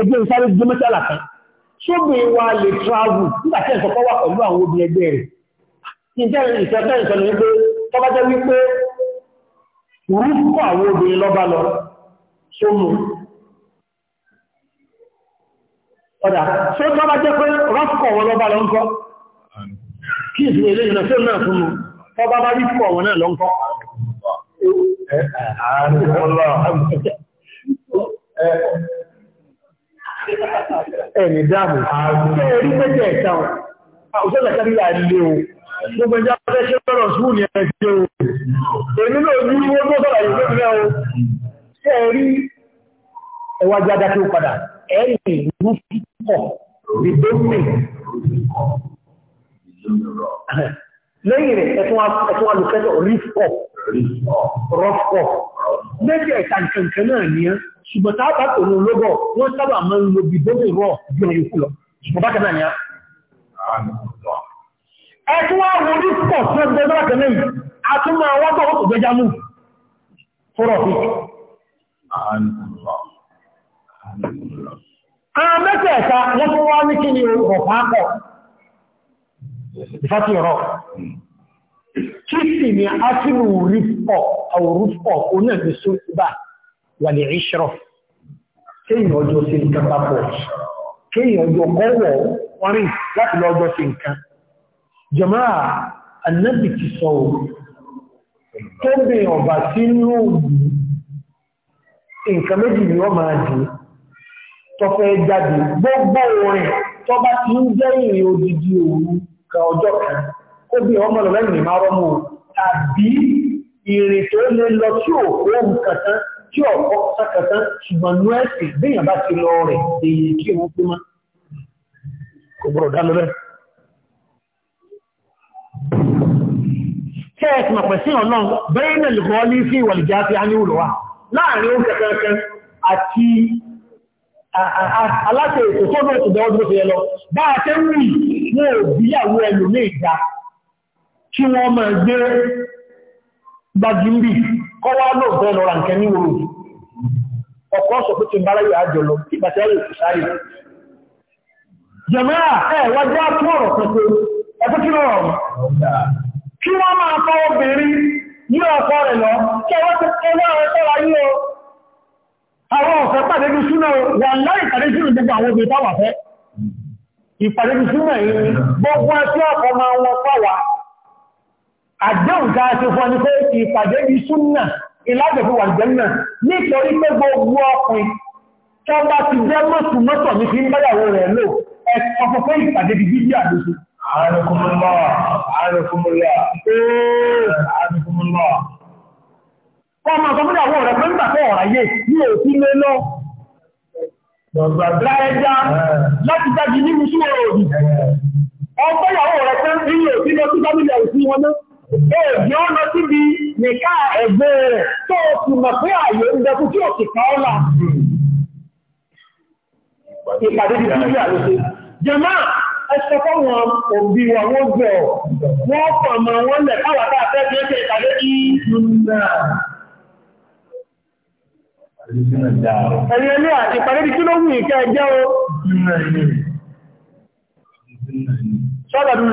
ẹgbẹ́ ìsáré gbé mẹ́tàlá kan ṣóbi wa lè travel nígbà tí ẹ̀sọ́ wà pẹ̀lú àwọn obìnrin ẹgbẹ́ rẹ̀ níjẹ́ ìṣẹ́fẹ́ ìṣẹ̀lẹ̀ wípé tó bá jẹ́ wípé orúkọ àwọn obìnrin lọ́ba lọ sómù ọ̀dà ṣé tó bá jẹ́ pé rọ́pọ̀ wọn lọ́ba lọ ń kọ́ kí ìṣẹ̀lẹ̀ ilé ìrìnà sí náà fún mu tó bá bá wọn náà lọ ń kọ́ ẹni dáàmù ẹ̀rí pẹ́jẹ̀ ẹ̀ta òṣèlẹ̀ kẹ́lá ilé o gbogbo ẹjá fẹ́ ṣe lọ́rọ̀ sùúrù ní ẹjẹ́ o èmi náà ní owó tó sọ̀rọ̀ yìí tó fẹ́ o ṣe ẹ̀rí ẹwà jáde tó padà ẹ̀rí ìlú púpọ̀ ìdómi lẹ́yìn rẹ̀ ẹ̀tún alùkẹ́tọ̀ rí pọ̀ rọ́pọ̀ méjì ẹ̀ta nǹkan náà ní ṣùgbọ́n tá a bá tòun olóbọ̀ wọ́n sábà máa ń lo bìbóbì rọ̀ ju ẹ̀yìn kú lọ ṣùgbọ́n bá kẹta nìyà. ẹ tún wá wo ní pọ̀ tí wọ́n gbẹ́gbẹ́ láti lẹ́yìn a tún máa wọ́n tọ̀wọ́ tó gbẹ́já mú fọ́rọ̀ fi. àwọn mẹ́tẹ̀ẹ̀ta wọ́n tún wá ní kí ni ọ̀pá pọ̀ ìfàtí ọ̀rọ̀ kí sì ni a ti rú rí pọ̀ àwòrú pọ̀ onígbèsó báyìí wà ní ìṣọ́rọ̀ kéèyàn ọjọ́ sí nǹkan papọ̀ kéèyàn ọjọ́ kọ́wọ̀ orin láti lọ ọjọ́ sí nǹkan jọmọ́ ànábì ti sọ tó bè ọ̀bà sínú nǹkan méjì ni wọ́n máa dì tọ́fẹ́ jáde gbogbo orin tó bá ti ń jẹ́ ìrìn odidi òru ka ọjọ́ kan kó bí ọmọ lọ lẹ́yìn ìmárọ́mù tàbí ìrìn tó lè lọ sí òkú òun kàtán tí ọ̀pọ̀ sákàtà ṣùgbọ́n ní ẹ̀sìn bíyàn bá ti lọ rẹ̀ èyí kí wọ́n pín má kò gbọ́rọ̀ dá lọ́rẹ́ kí ẹ̀ tìmọ̀ pẹ̀ sí ọlọ́run bẹ́ẹ̀ nà lè kọ́ lé sí ìwàlìjá fi áníwòlọ́wà láàrin oúnjẹ kankan àti aláṣẹ ètò tó bẹ̀rẹ̀ ìdá ọdún fi lọ bá a tẹ́ wù wọn ò bíyàwó ẹlòmíì ga kí wọ́n máa gbé gbagimbi kọ́ wá lò bẹ́ẹ̀ lọ́ra nǹkan ní òru ọ̀pọ̀ sọ pé tí ń bára yóò àjọ lọ tí bàtí ayé ìsáyé jẹ̀mẹ́rà ẹ̀ wájú àtún ọ̀rọ̀ pẹ̀pẹ̀ ẹ̀kú kí lọ́rọ̀ kí wọ́n máa kọ́ obìnrin ní ọkọ rẹ̀ lọ kí ọwọ́ ti kọ́ wọ́n rẹ̀ tọ́ra yí o àwọn ọ̀fẹ́ pàdé bí súnà wà láì pàdé sínú gbogbo àwọn obìnrin táwà fẹ́ ìpàdé bí súnà yìí gbogbo ẹtí máa wọn pàwà àdéhùn ká ṣe fún ẹni pé ìpàdé ní súnnà ìlàjẹ̀fú wà jẹ́nà nítorí pé gbogbo ọkùnrin tó bá ti jẹ́ mọ́sù mọ́sọ̀ ní fi ń báyàwó rẹ̀ lò ẹ̀kọ́ fún pé ìpàdé di bíbí àdóṣù Ọmọ ọ̀sọ̀mọ́dàwó rẹ̀ pẹ́ nígbàtọ̀ ọ̀ráyé ní òfí lé lọ. Láẹjá láti dájí ní Mùsùlùmí òdì. Ọgbọ́yàwó rẹ̀ pẹ́ ní òfí lọ sí Gómìnà òfí wọn náà. Èèdì ó lọ síbi nìká ẹ̀gbẹ́ rẹ̀ tó o sì mọ̀ pé ààyè ń dẹkú tí ò sì ká ọ́ là. Ìpàdé ti sílẹ̀ àlóṣe. Jẹ̀má ẹsẹ̀ fọ́wọ́n òbí wa wọ́n jọ wọ́n pọ̀ mọ́ wọn lẹ̀ káwà tá a fẹ́ fi ẹsẹ̀ ìpàdé kí nùnà. Ẹ̀yin ẹlú àti ìpàdé ti kí ló wù ìkẹ́ ẹjẹ́ o. Sọ́dọ̀ dùn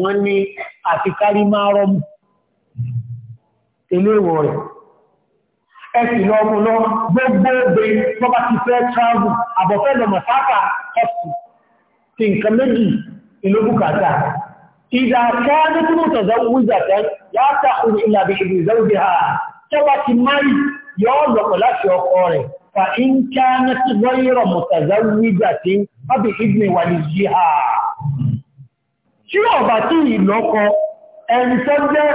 wọ́n ní àfikárí máa rọ́mù eléwọ̀ rẹ̀ ẹ̀sì lọ́mù lọ gbogbo ogbe tó bá ti fẹ́ travel àbọ̀fẹ́ lọ mọ̀sáfà ọ̀sù ti nǹkan méjì ìlóbùkátà ìdá kẹ́ẹ̀ẹ́dẹ́ tí mọ̀ tọ̀zọ́ wújàtẹ́ yàtà orí ìlàbí ìrìnzẹ́wòdìhà tó bá ti márì yọ́ lọ̀pọ̀ láti ọkọ tí ọ̀bà tí ìlọ́kọ ẹni tó jẹ́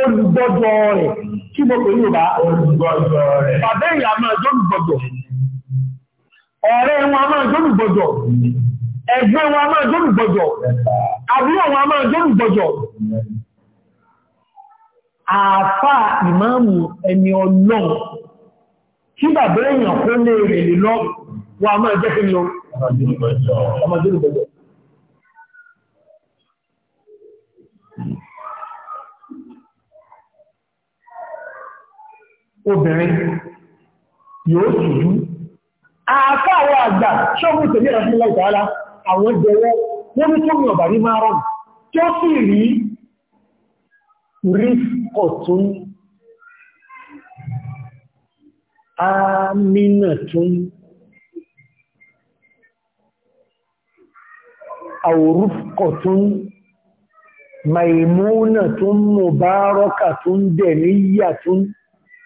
olùgbọ́jọ rẹ̀ kí mo pè yóò bá olùgbọ́jọ rẹ̀ bàbá ìyá máa jọ olùgbọ́jọ ọ̀rẹ́ wọn máa jọ olùgbọ́jọ ẹgbẹ́ wọn máa jọ olùgbọ́jọ àbúrò wọn máa jọ olùgbọ́jọ àfà ìmáàmù ẹni ọlọ́run kí bàbá èèyàn kó lè rè lọ wọn máa jẹ́ kí lọ ọmọdé olùgbọ́jọ obìnrin yóò sùjú àáfà àwọn àgbà ṣọ́mù tèmi rẹ̀ sílẹ̀ ìtàlá àwọn jẹwọ́ wọ́n ní tómi ọ̀bà ní máa rọrùn tí ó sì rí rí ọ̀tún àmìnàtún àwòrúkọ̀tún màìmúnà tún dẹ̀ níyà tún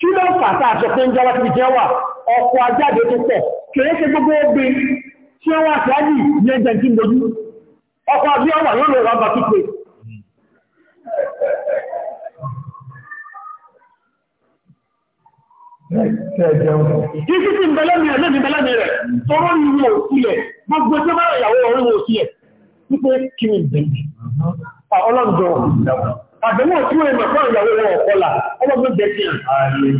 kí ló ń fàtà àjọ pé ń jáwá ti jẹ́ wà ọkọ̀ ajáde tó pọ̀ kìí ṣe gbogbo ogbe tí wọ́n wá sí ájì ní ẹgbẹ̀ tí mojú ọkọ̀ abí ọwà yóò lè rọ́bà pípé kí sí ti bẹ̀lẹ́mì rẹ̀ lẹ́mì bẹ̀lẹ́mì rẹ̀ tọrọ ní ìwò òsílẹ̀ gbogbo tí bá ìyàwó ọ̀rẹ́ wò sí ẹ̀ wípé kí ni ìbẹ̀lẹ̀ ọlọ́dọ̀ àbẹ̀mọ̀ tí ó ẹ̀mọ̀ fún ìyàwó ọ̀kọ́lá ọlọ́gbọ́n bẹ̀rẹ̀ ààrẹ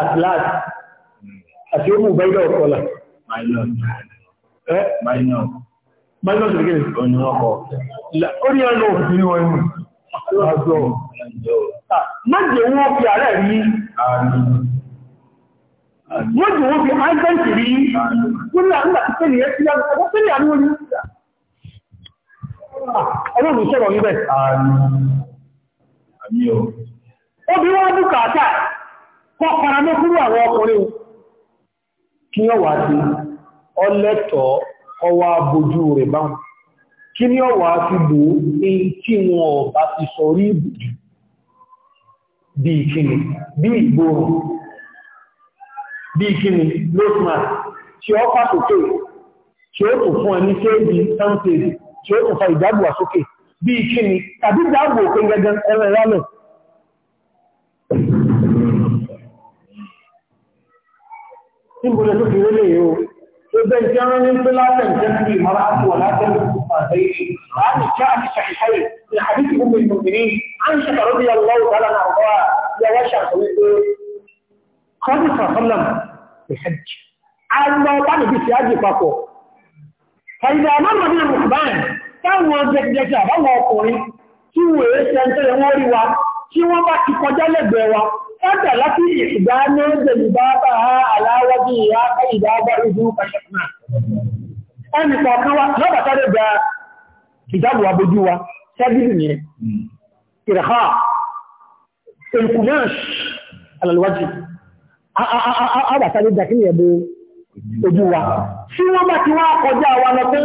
atlas àti ó mú bẹ́ẹ̀dọ̀ ọ̀kọ́lá minus again oníwọ́kọ̀ orí ẹ̀nà òfin wọn mú ọjọ́ mọ́jẹ̀ wọ́n fi ààrẹ rí wọ́n jù wọ́n fi ágbẹ́ǹtì rí wọ́n náà nígbà tí pẹ́lú ẹ̀ sí àwọn pẹ́lú àwọn olùsọ̀rọ̀ ah, níbẹ̀ Obì wọ́n bùkátà kọ́ paramé kúrò àwọn ọkùnrin kí ọ wà sí ọlẹ́tọ̀ ọwà bojú rẹ̀ báhùn. Kí ni ọ wà sí bò ní tí wọn ọ̀bá ti sọ rí ìbùjú bí ìkíni, bí ìgbóhùn, bí ìkíni, tí ọ pàtòkè, tí ó tún fún ẹni tí ó di sáńtèdì, tí bí i kí ni tàbí dáàbò òfin gẹ́gẹ́ ẹran ẹ̀rá náà. Níbùdó tó fi rélé yìí o, tó bẹ́ ti rán ní pé látẹ̀ǹtẹ́ sí ìmọ̀ra àpò látẹ̀ǹtẹ́ sí pàtẹ́yì. Láti jẹ́ àṣìṣà ìṣẹ́yì ní àdíkì gbogbo ìgbòmìnì, a ń ṣèkàró bí ọlọ́ ìdálá náà wá yẹwọ́ ṣàkóyí pé kọ́dí sàfọ́nà ìṣẹ́jì. A lọ bá nìbí sí ájì papọ̀. Fàyìdà ọmọ mọ̀ ní ọmọ táwọn jẹjẹjẹ àbáwọn ọkùnrin tí wọ́n èé ṣe ń tẹ́lẹ̀ wọ́n rí wa tí wọ́n bá ti kọjá lẹ́gbẹ̀ẹ́ wa fẹ́tẹ̀ láti ìgbà méje ìgbà bá aláwọ́dí ìyá ìdá agbárí ìdú pàṣẹkùnà ẹnì wa lọ́bà sáré gba ìjábù abojú wa sẹ́gìrì ní hmm. ìrẹ̀há ìkùnáṣ alàlùwájì àbà sáré gba kíni ẹ̀bọ̀ ojú wa tí wọ́n bá ti wá kọjá wa lọ pé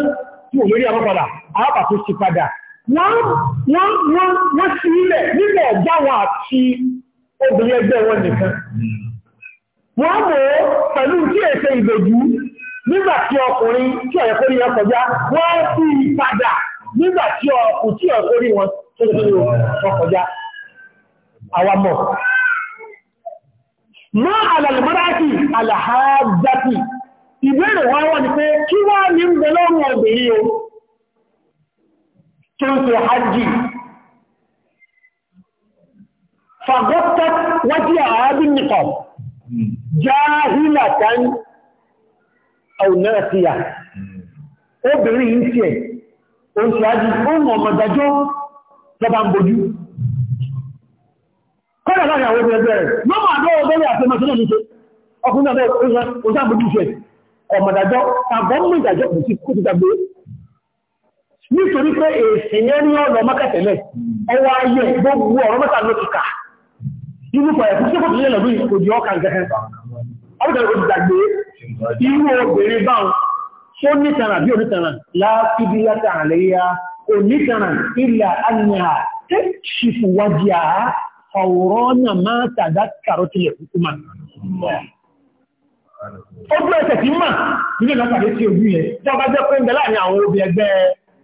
tí òmìnira mọ́ padà àápà tó ṣe padà wọ́n sí ilẹ̀ nílẹ̀ jáwọn àti obìnrin ẹgbẹ́ wọn nìkan wọ́n mọ̀ pẹ̀lú tí èsè ìbòjú nígbà tí ọkùnrin tí ọ̀yẹ́ kórí wọn kọjá wọ́n sí padà nígbà tí ọkùnrin tí ọ̀yẹ́ kórí wọn tó ṣe wọn kọjá àwa mọ̀ mọ́ alàlùmọ́dáàkì alàhájáàkì ìbéèrè wọn wọ́n ni pé kí wọ́n ní ń bẹ lọ́rùn ọgbẹ̀rí o tí ń ṣe hajj fagọ́tà wájú àábí nìkan jáhìlàtàn àwùnáàtíyà obìnrin yìí tiẹ̀ oṣù hajj ó mọ̀ ọmọdájọ́ lọ́ba ń bojú kọ́nà láàrin àwọn obìnrin bẹ̀rẹ̀ lọ́mọ̀ àdọ́ obìnrin àti ọmọ sílẹ̀ níṣe ọkùnrin náà ó sáà bojú ṣe ọmọdájọ́ tàbọ́mù ìdájọ́ kò sí kó ti gbàgbé nítorí pé èsì yẹn ní ọ̀nà mọ́kẹ̀tẹ̀lẹ̀ ọwọ́ ayé gbogbo ọ̀rọ̀ mẹ́ta ló inú pẹ̀lú fún sípò tó yẹ lọ́dún ìkòjì ọkà gẹ̀ẹ́ ọdún ìkòjì irú obìnrin báwọn tó nítànà bí onítànà láàfíbí látà àlẹ́yà onítànà ilẹ̀ àníhà tẹ́ náà máa tàdá tilẹ̀ ẹsẹ̀ tí mà nílẹ̀ ojú yẹn tí a bá jẹ́ pé ń bẹ láàrin àwọn obì ẹgbẹ́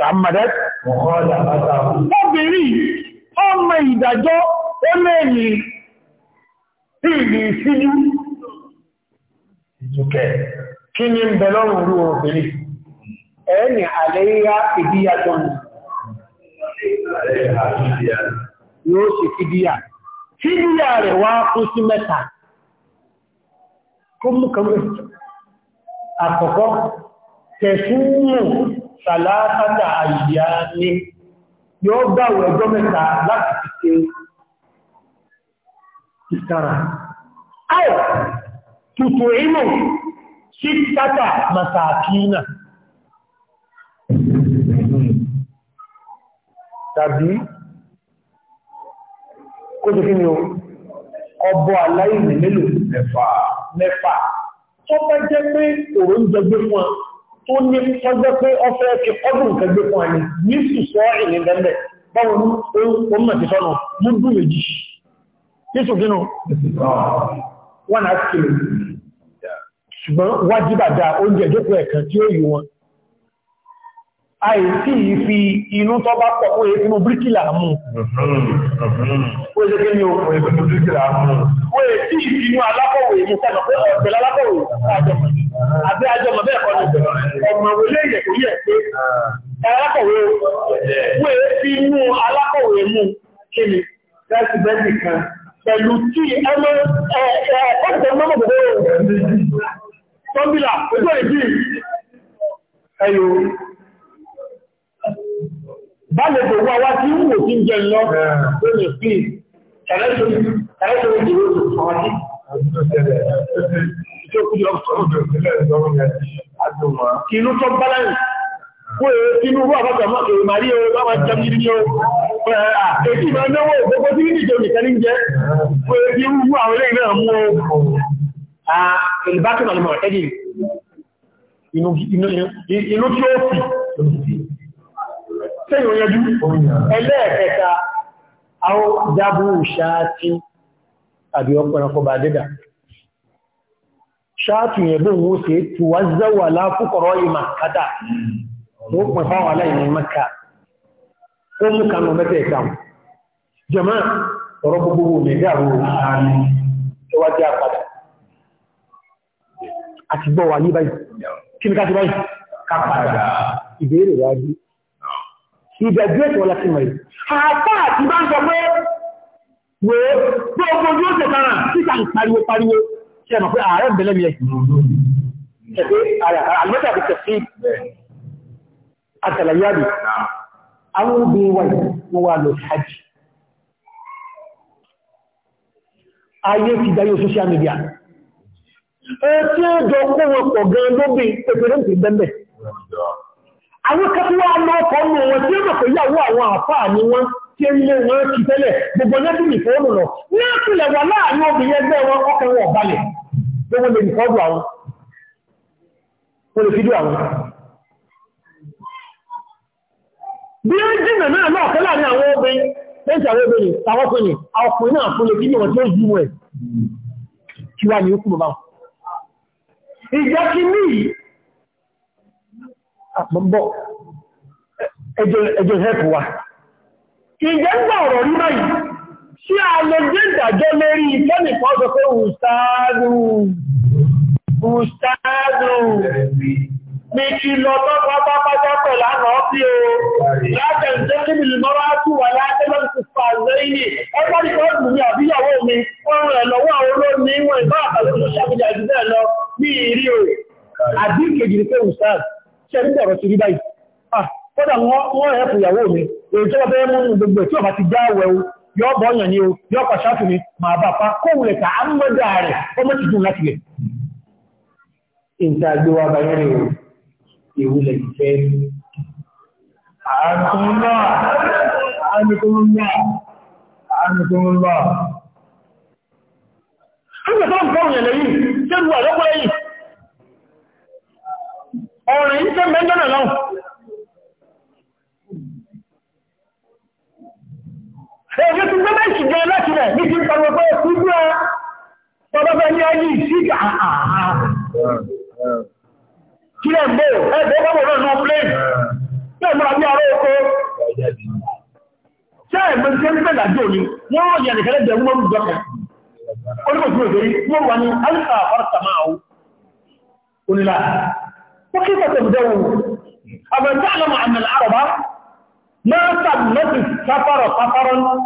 tàmàdẹ́ obìnrin ọmọ ìdájọ́ ó lẹ́yìn tí ìlú síjú ìjùkẹ́ kí ní ń bẹ̀lọ́rùn rú obìnrin ẹni àlẹ́yà ìdíyàjọ́ yóò sì fídíyà fídíyà rẹ̀ wá kú sí mẹ́ta kó mú kàwé àkọ́kọ́ tẹ̀sùn mú sàlátàtà àyíyá ní yóò gbàwẹ̀ ọjọ́ mẹ́ta láti fi ṣe ìsára. Àì tùtù ìmọ̀ sí tátà màsàkínà tàbí kó tó kí ni o, ọbọ̀ aláìrìn mélòó mẹ́fà mẹ́fà. Tó bá jẹ́ pé òun jẹgbé fún ọ tó ní ọjọ́ pé ọfẹ́ ti ọdún kẹgbẹ́ fún ẹni ní ṣùsọ́ ìní bẹ̀rẹ̀ báwọn ohun mọ̀ ti sọ́nà múdú méjì títù gínú wọ́n á kìlò ṣùgbọ́n wájíbàdá oúnjẹ jókòó ẹ̀kan tí ó yí wọn àìsí ìfi inú tó bá pọ̀pọ̀ èéfínú bríkìlà mú. Ó ṣe kí ni o pọ̀ èéfínú bríkìlà mú. Ó èsí ìfinú alákọ̀wé mú sẹ́nà pé ọ̀pẹ̀lá alákọ̀wé àjọmọ̀. Àbí àjọmọ̀ bẹ́ẹ̀ kọ́ ni ọmọ ilé ìyẹ̀ kò yẹ̀ pé alákọ̀wé ó èéfínú alákọ̀wé mú kí ni láti bẹ́ẹ̀ kan pẹ̀lú tí ẹmọ ẹ̀ẹ́dẹ̀gbọ́n mọ̀ gbogbo bálẹ̀ tó wá wá tí ń wò tí ń jẹ lọ lónìí please ẹ̀rẹ́sọ̀ ìdíwò tó fọ́n ní. Ìlú tó balance kó e inú wà bàbá máa kèrè màrí o bá máa jẹ́ yìí ní o. Èyí máa náwó gbogbo tí ní ìjọ nìkan ní jẹ́ kó e bí wú àwọn ilé náà mú o. Ìlú tí ó fi tẹ́yìn oyanjú ẹlẹ́ẹ̀kẹta àwọn jábú ṣáàtí àbí ọpẹranko bá dédà ṣáàtì ẹ̀bùn wó sí tí wá zẹ́wà láfúkọ̀rọ̀ ìmà kátà ó pẹ̀ fáwọn aláìní mẹ́ka ó mú kanú mẹ́tẹ̀ ìkàm jẹ́mọ́ ọ̀rọ̀ gbogbo mẹ́gbàrú tó wá jẹ́ àpàdà àti gbọ́ wà ní báyìí kí ni ká ti báyìí ká padà ìbéèrè wájú ìgbẹ̀gbẹ̀ ètò ọlọ́sìnmọ̀ yìí. Àpá àti bá ń sọ pé wò ó tó ogun ojú òṣè sára títà ń pariwo pariwo ṣe mọ̀ pé ààrẹ ń bẹ̀lẹ̀ yẹn. Ṣẹ̀fẹ́ àlùmọ́tà ti tẹ̀sí àtàlàyàbì. Àwọn obìnrin wa yìí wọ́n wá lọ hajj. Ayé ti dayé social media. Ẹ tí ó jọ kó wọn pọ̀ gan lóbi pẹ̀lú ìpínlẹ̀ àwọn kẹtù wá mọ́ ọkọ̀ ọmọ wọn tí ó mọ̀ pé yàwó àwọn àfáà ni wọ́n tí ń lé wọn kì tẹ́lẹ̀ gbogbo nẹ́bí nìfọ́ọ̀nù lọ ní ìpìlẹ̀ wà láàrin obìnrin ẹgbẹ́ wọn ọkọ̀ wọn ọ̀balẹ̀ gbogbo lè nìfọ́ọ̀dù àwọn olùfidú àwọn bí ó jìnà náà náà kẹ́ láàrin àwọn obìnrin lẹ́yìn àwọn obìnrin tàwọn fúnni ọkùnrin náà fún lè kí wọn tí ó yí wọn kí wá ní ó kúrò báwọn ìjọ kí ní àpọ̀bọ̀ ah, ẹjọ́ help wa ìjẹ́ ń gbà ọ̀rọ̀ rí báyìí tí a lè gbé ìdàjọ́ lérí ìfẹ́nì kan sọ pé ustaadu ustaadu ní kí lọ tọ́ pátápátá pẹ̀lú ọ̀rọ̀ ti rí báyìí kódà wọ́n ẹ̀kù ìyàwó mi èyí tó bẹ́ mú gbogbo tí ọba ti já wẹ̀ o yọ bọ́ọ̀yàn ni o yọ pàṣátù ni máa bá pa kóhùlẹ̀ ta ámọ́dà rẹ̀ ọmọ ti dùn láti lẹ̀. ìta gbé wa báyẹ̀ rẹ̀ o ìwúlẹ̀ ìfẹ́ àtúnlá àmìkúnlá àmìkúnlá. ó sì tó ń kọ́ ọ̀rìn yìí tẹ́ mẹ́jọ́nà lọ́wọ́ ẹ̀yẹ́ ti gbé mẹ́sì jẹ láti rẹ̀ ní ti ń pàwọ̀ pé kú bí ọ pọ̀pọ̀pọ̀ ní ayé ìsíkà kí lẹ́ mbó ẹgbẹ́ bọ́bọ̀ náà náà plé náà múra bí ara oko ṣe ẹgbẹ́ tí ó ń pè lájò ní wọ́n rọ̀ yẹ̀ nìkẹ́lẹ́ jẹ́ wọ́n gbọ́kẹ̀ onígbòtí òjò yìí wọ́n wà ní alfa ọ̀rọ̀ sàmáà ó onílà وكيف تبدأوا أما تعلم أن العرب ما سمت السفر سفرا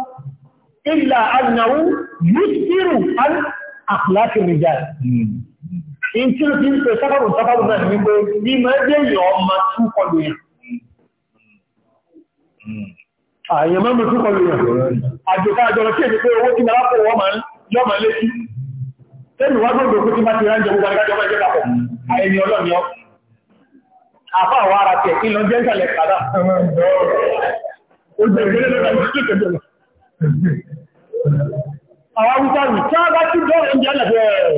إلا أنه يسفر عن أخلاق الرجال إن tí ó ti ń pè sábàbù يوم náà ní pé ní mẹ́jẹ́ yọ ọmọ túnkọlù yàn àyẹ̀ mọ́mù túnkọlù yàn àjòká àjọrọ̀ tí èdè pé owó tí mara kò wọ́n máa ń yọ́mà tẹ́lù wá gbogbo kó tí ti ránjẹ gbogbo àbá àwọn ara tẹ̀ kí lọ jẹ́ ìṣẹ̀lẹ̀ kàdà. Ojú ìgbélé lọ́la ìṣẹ́ ìkẹ́jọ lọ. Àwọn awúsá mi, tí wọ́n bá tí dọ́rọ̀ ń jẹ́lẹ̀ bẹ́ẹ̀.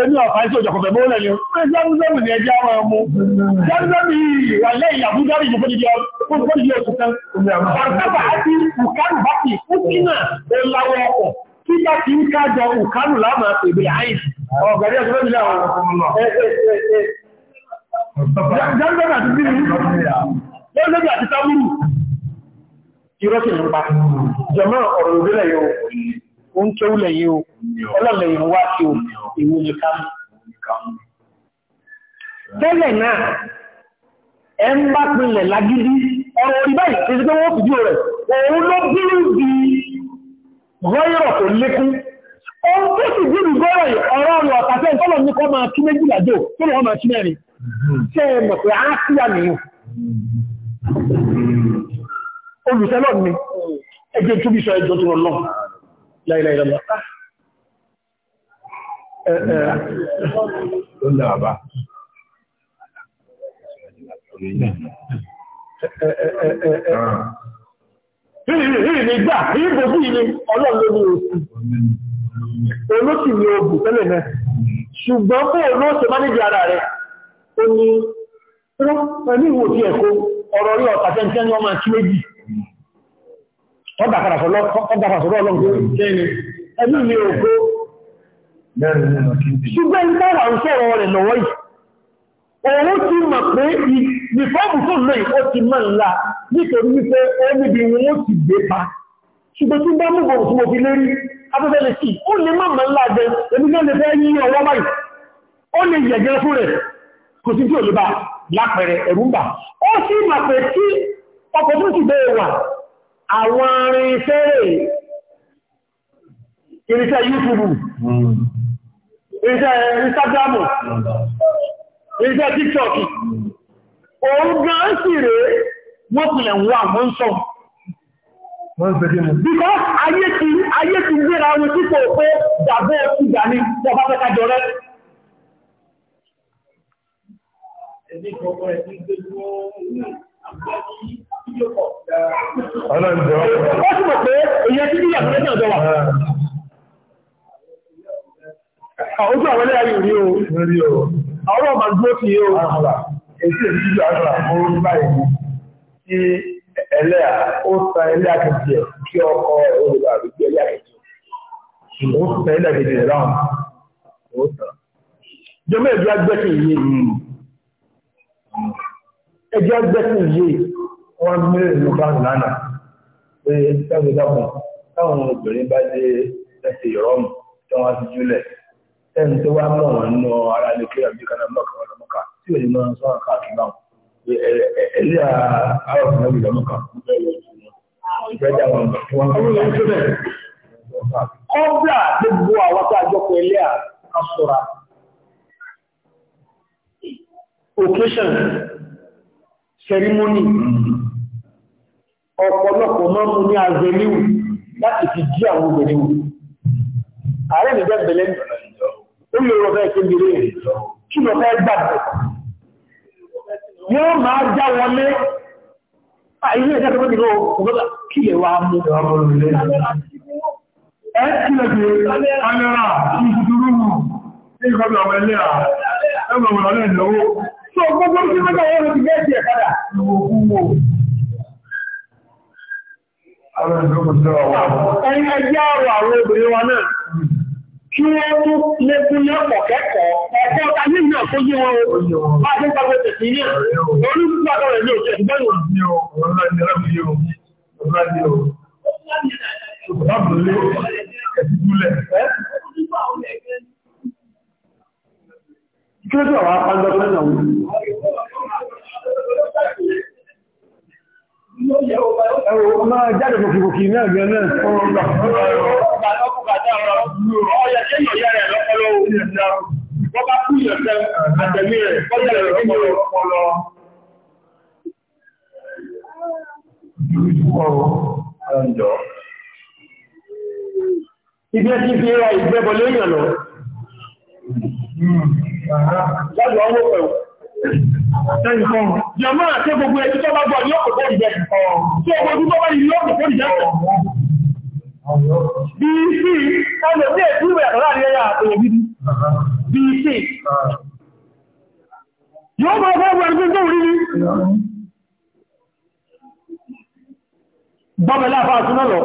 Ẹni ọ̀fà iṣẹ́ òjọ̀kọ̀fẹ̀ mọ́ lẹ́ni o. Ṣé Jáwúzẹ́mù ni ẹjẹ́ àwọn ọmọ? Jáwúzẹ́mù yìí wà lẹ́yìn Àbújá rí ìjọba ìjọba ìjọba ìjọba oṣù kan. Ọ̀sẹ̀bà àti Ùkánù bá ti Fúkínà ó láwọ́ ọkọ̀. Kí bá ti ń kájọ Ùkánù láàmà pèbè àìsí. Ọ̀gẹ̀rẹ́ ọ̀sẹ̀ Jẹ́rìndọ́gbà ti bírí, lọ́lọ́gbà ti tábúrù, ọ̀rọ̀ òbílẹ̀ yóò, ó ń yóò, ọlọ́lẹ̀ yóò wá sí ìwò nìkan. Tẹ́lẹ̀ náà, ẹ ń bá pinlẹ̀ lágídí, ọ̀rọ̀ orí ohun tó sì bí ìgbọ́rọ̀ ọ̀rọ̀ ọ̀rọ̀ ọ̀tàfẹ́ ìtọ́lọ̀ ní kọ́ máa kí méjìlá jò tó lè wọ́n máa kí mẹ́rin ṣe é mọ̀ pé á sí àmìyàn olùsẹ́lọ̀ ni ẹgbẹ́ tó bí sọ ẹjọ́ tó rọ̀ lọ́n láìláìlọ́lọ́ Hìrì hìrì ní gbà, hìrì gbogbo ìní ọlọ́run ló ní òsì olóṣì ni o bù tẹ́lẹ̀ náà ṣùgbọ́n fún olóṣè mánéjì ara rẹ̀ ó ní pẹ̀lú ìwò tí ẹ̀kọ́ ọ̀rọ̀ rí ọ̀tà tẹ́ntẹ́ ní ọmọ àti méjì tọ́dàkàrà sọ́rọ̀ ọlọ́run kẹ́ni ẹ̀mí ni òkú ṣùgbọ́n ń tọ́wà ń sọ̀rọ̀ rẹ̀ lọ́wọ́ yìí owó ti mọ̀ pé ní fọ́ọ̀mù tó lóyìn ó ti mọ̀ ńlá nítorí wípé ó níbi wọn ó ti gbé pa ṣùgbọ́n tí bá mọ̀gbọ̀n tí mo fi lérí afẹ́fẹ́ lè sí ó lè máa máa láàjẹ́ ẹbí náà lè fẹ́ yí ọwọ́ báyìí ó lè yẹ̀gẹ́ fún rẹ̀ kò sí tí ò lè bá lápẹẹrẹ ẹ̀rú ń bà ó sì mà pé tí ọkọ̀ tó ti bẹ́ẹ̀ wà àwọn irinṣẹ́ irinṣẹ́ YouTube irinṣẹ́ Instagram irinṣẹ́ TikTok òun gan sì rèé wọ́n ń pèsè mu. bíkọ́ ayé ti ayé ti gbéra wọn sípò pé dàbẹ́ ìgbà ni bọ́bá fẹ́ ká jọrẹ́. ọlọ́run ó sì pé èyí ẹtí bí yàtọ̀ lẹ́yìn ọ̀dọ́ wa. ojú àwọn ẹlẹ́yà yìí rí o. rí o. àwọn ọmọ àgbọ̀ fi yé o. èsì èyí ti jù àgbà mo rí báyìí ẹlẹ́à ó ta ẹlẹ́à kejì ẹ̀ kí ọkọ olùgbà rẹ̀ gbé ẹlẹ́à kejì ó ta ẹlẹ́à kejì ẹ̀ ráhùn ó ta. jọmọ ẹjọ agbẹ́sìn yìí ẹjọ agbẹ́sìn yìí wọ́n mẹ́rin ló bá ń lánàá pé sábẹ́ dákun táwọn obìnrin bá dé ẹsẹ̀ ìrọ́mù tí wọ́n ti júlẹ̀ ẹni tó wá mọ̀ wọn nínú ara lè kí àbíkálà mọ̀kànlọ́mọ́kà tí ò ní máa ń sọ àkáàkiri náà ilé àwọn ọ̀sán ìlú lọ́mọ kan ìgbẹ́jà wọn wọn kọ́ ló ń tó bẹ̀rẹ̀. kọ́ńdà gbogbo àwọn tó àjọpọ̀ ilé à sọ̀ra. occasion ceremony ọ̀pọ̀lọpọ̀ máa ń mú ní azeliwu láti fi jí àwọn obìnrin wò. ààrẹ nìjẹ́ bẹ̀lẹ́ ó lè rọ bẹ́ẹ̀ kébìrì kí lọ fẹ́ gbàgbọ́ yóò máa já wọlé ah, ilé ẹ̀jẹ̀ tó gbẹ́gbẹ́ ògbọ́gbà kí lè wá mú ẹ́ kí ọmọ ilé wa náà kí wọ́n tó lékún ní ọ̀pọ̀ kẹ́kọ̀ọ́ ọ̀pọ̀ ọ̀tà nínú ọ̀pọ̀ yí wọn bá tó gbogbo tẹ̀sí ní olùgbà rẹ̀ ní òṣèlú bẹ́ẹ̀ ní ọ̀rọ̀ ní ọ̀rọ̀ ní ọ̀rọ̀ Ọmọ jáde kòkìkòkì náà gẹ náà ọ̀rọ̀ gbà. Ọ̀yẹ̀ tí yóò yẹ́ rẹ̀ lọ́pọ̀lọ́ òun ìjọ. Wọ́n bá kú ìyẹ̀fẹ́ àtẹ̀mí rẹ̀ kọ́jẹ̀ rẹ̀ lọ́pọ̀lọ́. Ìgbẹ́ ti fi ra ìgbẹ́bọ̀ lóyìn lọ. Jáde ọmọ pẹ̀lú. BC, ọlọ̀ ní èdè ìwẹ̀ àtọ́lá ní ẹyà àtọ̀wò gidi. BC. Yóò bọ́ ọgbọ́ ọgbọ́ ẹgbẹ́ tó rí ní. Bọ́bẹ̀ láàfà àtúnmọ̀ lọ.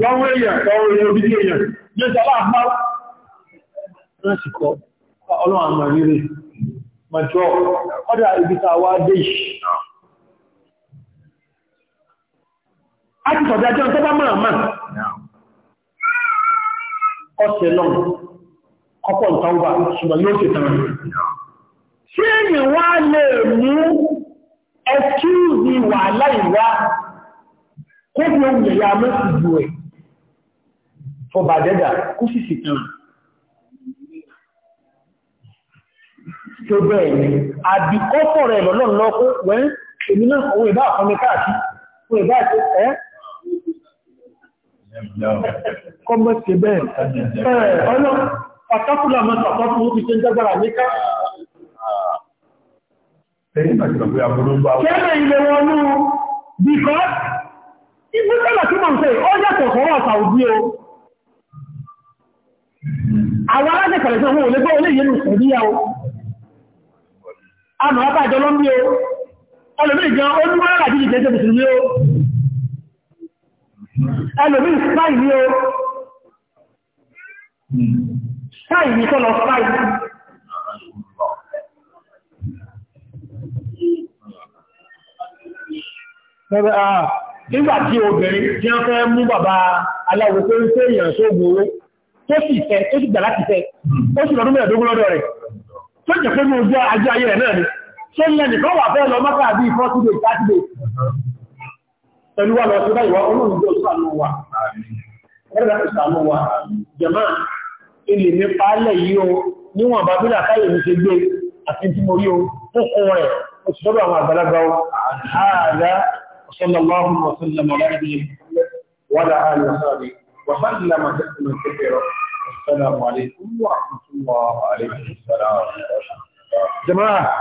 Wọ́n wé èèyàn, wọ́n wé èèyàn, obìnrin èèyàn. Yóò ọlọ́run àmọ̀ rírè mọ̀jọ́ ọdá ibita wá dé ìṣì a ti sọ̀dá jẹun tó bá máa máa ọ̀sẹ̀ náà kọ́pọ̀ ìtàwà ṣùgbọ́n yóò ṣe tán ṣe ni wá lè mú ẹkùnrin wà láìwá kó bí ohun ìyá mẹ́sì ju ẹ̀ fọ́bàdẹ́dà kú sì sì tán tó bẹ́ẹ̀ ni àdìkọ́kọ̀ rẹ̀ lọ́lọ́lọ́ kó wẹ́n èmi náà owó ìbá àkọ́mi káàkiri owó ìbá àti ẹ́ kọ́mọ́ sí bẹ́ẹ̀ ọ̀nà pàtàkùlà mọ́ta pàtàkù ó fi ṣe ń dágbàrà níká kẹ́lẹ̀ ilẹ̀ wọnú bíkọ́ ìgbẹ́gbẹ́lá tí mọ̀ ń pẹ́ ọ yàtọ̀ sọ́rọ̀ sàúdí o àwọn alájẹ̀kẹ̀lẹ̀ tí wọ́n olè gbọ́ olè yẹnu sẹ̀ríyà o àmà àbájọ ló ń bí o ẹlòmíì gan olúmọ́ àti ìjẹ́jẹ́ mùsùlùmí o ẹlòmíì sáì ní o sáì ní tọ́lọ sáì Ẹgbẹ́ àà, ah, nígbà tí obìnrin tí a fẹ́ mú bàbá aláwọ̀ pé ń fẹ́ èèyàn sóògùn owó tó sì fẹ́, tó sì gbà láti fẹ́, ó sì lọ́dún mẹ́ẹ̀dógún lọ́dọ̀ rẹ̀ tó jẹ́ pé ní ojú ajé ayé rẹ̀ náà ni ṣe ilẹ̀ nìkan wà fẹ́ lọ mọ́kà bí fọ́tídé sátidé pẹ̀lú wà lọ sí báyìí wọ́n olóòrùn jẹ́ ìsànú wa ẹ̀rẹ́ ìsànú wa jẹ̀má ilẹ̀ ní pálẹ̀ yìí o níwọ̀n bá bí السلام عليكم ورحمة الله عليكم السلام جماعة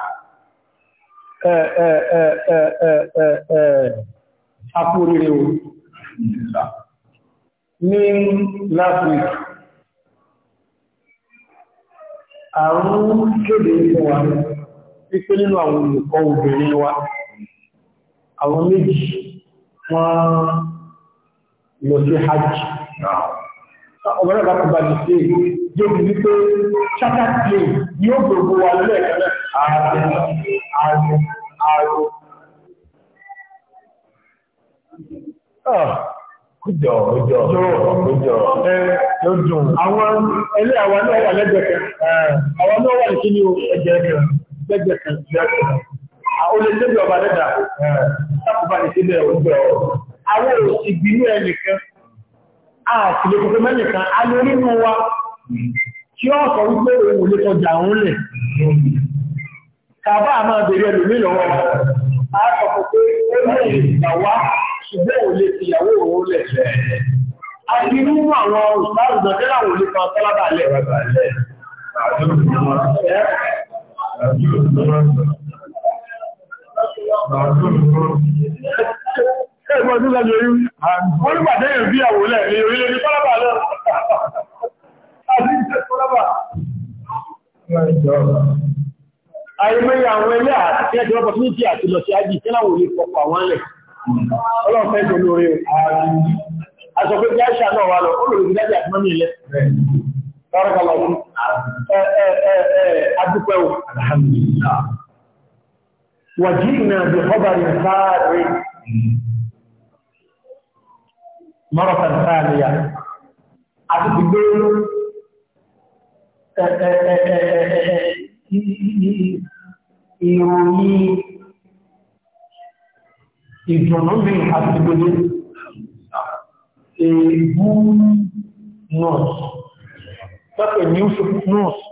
akúrí rẹ̀ ní last week àrùn kéde fún wa pípé nínú àwọn olùkọ́ obìnrin wa àwọn méjì wọ́n lọ sí hajj náà ọmọ náà bá ti mi ṣe débi wípé charter plane yóò gbogbo wa lẹ́ẹ̀kan ààrẹ ààrẹ ààrẹ. Kújọ, kújọ, kújọ, ló dùn. Àwọn ẹlẹ́ àwọn náà wà lẹ́gbẹ̀ẹ́ kan. Eh. Àwọn náà wà ìkíni kan, lẹ́gbẹ̀ẹ́ kan, lẹ́gbẹ̀ẹ́ kan. Ah, eh. Àwọn olè débi ọba lẹ́dà, ṣàkóbá ìṣẹ́lẹ̀ òun bẹ̀rẹ̀. Àwọn òsì gbinú ẹnìkan àti lè kòkó mẹ́rin kan a lè rí mú wa tí ó sọ wípé òun lè tọjà òun lè kàbá àmà bèèrè ẹlòmí lọ́wọ́ a sọ fún pé ó lè gbà wá ṣùgbọ́n òun lè fi ìyàwó òun lẹ̀ a ti rí mú àwọn òṣùpáàrù náà tẹ́lá òun lè kan sálábà lẹ̀ Thank you. Ẹgbọ́n tí lọ́jọ́ yìí, wọ́n nígbà tẹ́yẹ̀ bí àwòlẹ̀ ní orílẹ̀ ní pálábà lọ. Àìmẹ́yà àwọn ẹlẹ́ àti ẹjọ́ ọkọ̀ ní ti lọ sí ájì tí láwọn olè pọ̀pọ̀ àwọn ẹlẹ̀. Ọlọ́pẹ́ tó lórí aṣọ pé Jáṣà náà wà lọ, ó lòrò ìdájì àti mọ́mí ilẹ̀. Bárakàlọ́wọ́. Adúpẹ́ mọ́rọ̀tà sáàlìyà àti ti gbé ìròyìn ìdùnnú mi àti ti gbé èébú nọ́ọ̀sì lọ́pẹ̀ ní nọ́ọ̀sì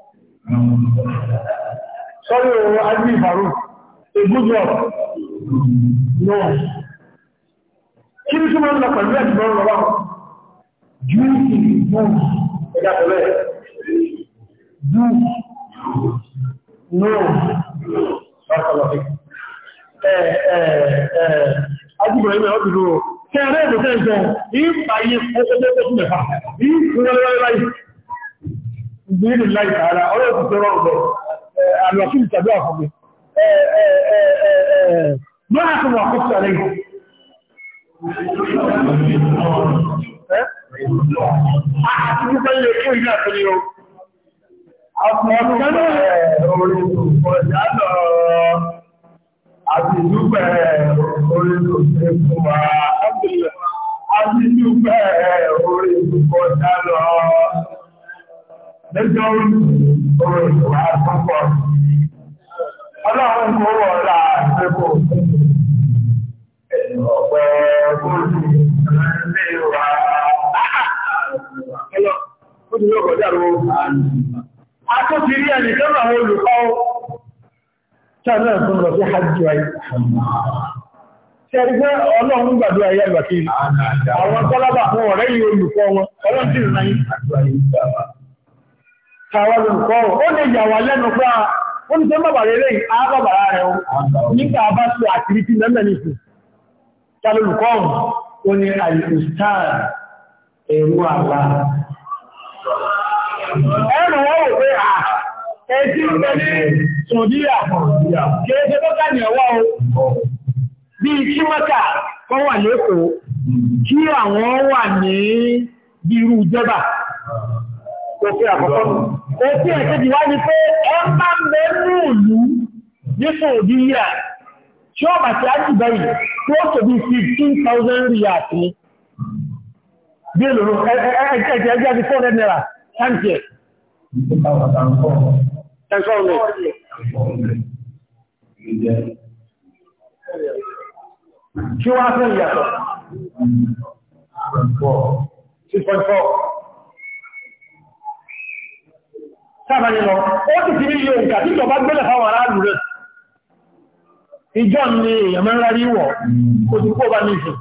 sọ́rí ọ̀rọ̀ agbí ìbàrú èébú nọ́ọ̀sì kí ní túnmọ̀ lọ pẹ̀lú ẹ̀ túnmọ̀ lọ wọ́n júùsì júùsì ẹ̀dà pẹ̀lú ẹ̀ júùsì náà ọ̀pọ̀lọpọ̀ ẹ̀ ẹ̀ ẹ̀ ajíbọ̀ ilẹ̀ ọdún lóòrò kẹrẹ́ ẹ̀dọ̀ tẹ́jọ ìpàyé ọkọ̀lọpọ̀ Mọ́nà tó wà kó sọ lẹ́yìn. Àti ní sẹ́yìn èkó ìlú àtúnyẹ o. Àwọn ọmọ orin ọjà lọ àti ìdúpẹ́ orin tó ṣe fún wa. Àti ìdúpẹ́ orin tó kọjá lọ. Lẹ́jọ́ orin tó wá sọ́pọ̀. Ọlọ́run kò wọ́n là ṣe kò. ọ̀pẹ́ olùmọ̀lẹ́wà. ti lọ́kọ̀ tó fún lọ sí hajjú ayé. pé ọlọ́run ayé àgbàkí. Àwọn tọ́lábà fún ọ̀rẹ́ yìí olùkọ́ wọn, rìn Ṣàwọn olùkọ́ ó lè yà lẹ́nu pé ó ní sẹ́ lẹ́yìn á rẹ̀ Nígbà bá tàbílùkọ́n ó ní alìstáà ẹ̀rù àlá ẹ̀rù wọ́n wò pé à ẹ̀sí pẹ̀lú sọ̀díyà kéèké mọ́ká ní ẹ̀wọ́ o bí kí mọ́ká kọ́ wà lẹ́kọ̀ọ́ kí àwọn wà ní bírú jẹ́bà òfin àkọ́kọ́ òfin ẹ̀kejì tí ó bàtí ájì báyìí tí ó tóbi fifteen thousand riyals ní bí èlòrò ẹ̀ẹ́dẹ̀ẹ́dẹ́ ẹgbẹ́ àti four hundred naira thank you. ẹ̀sọ́ mi. kí wọ́n á fẹ́ ìyàtọ̀. six point four. sábà nínú ó ti ti ní iye òǹkà tí ìjọba gbélé fáwọn aráàlú rẹ̀ ìjọ ni èèyàn mẹ́rin rárí wọ̀ kò tí kó bá ní ìṣù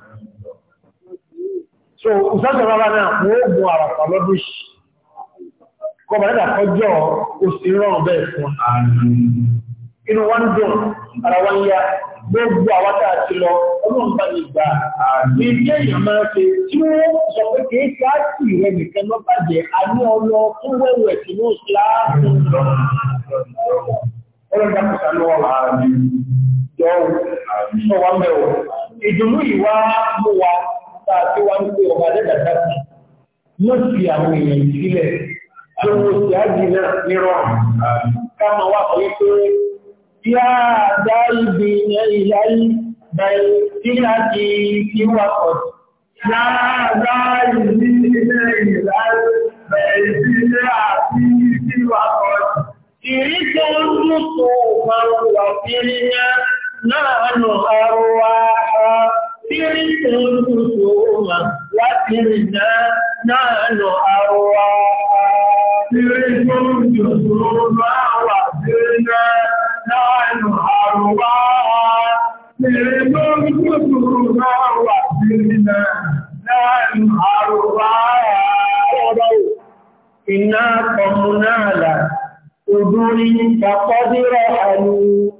so ìsájọ bàbá náà wọ́n ó mú àràpà lọ́dún ṣì kọba nígbà kọjọ́ òsì rọrùn bẹ́ẹ̀ fún inú wọn dùn ara wọn yá gbogbo àwọn tá a ti lọ ọlọ́run bá ní gbà ní ilé èèyàn máa ṣe tí wọ́n sọ pé kì í ṣe áàtì rẹ nìkan lọ́ bàjẹ́ àní ọlọ fún wẹ́wẹ̀ tí wọ́n ṣe láàrín ọlọ́run bá kọsà lọ́wọ́ jọun sọ wá mẹ́wọ̀. ìdùnnú ìwá mú wa tá a ti wá ń pè ọba dẹ́dàdà sí mọ́ sí àwọn èèyàn ìsílẹ̀ lọ́wọ́ sí ájì náà nírọ̀ ká máa wá sọ wípé bí a dá ibi ìyá yìí bẹ̀rẹ̀ tó máa wà sí ní نحن أرواح سرت الخصوم وسرنا نحن أرواح سرت الخصوم وسرنا نحن أرواح سرت الخصوم وسرنا نحن أرواح إنا قمنا لك قدر فقدر ألوم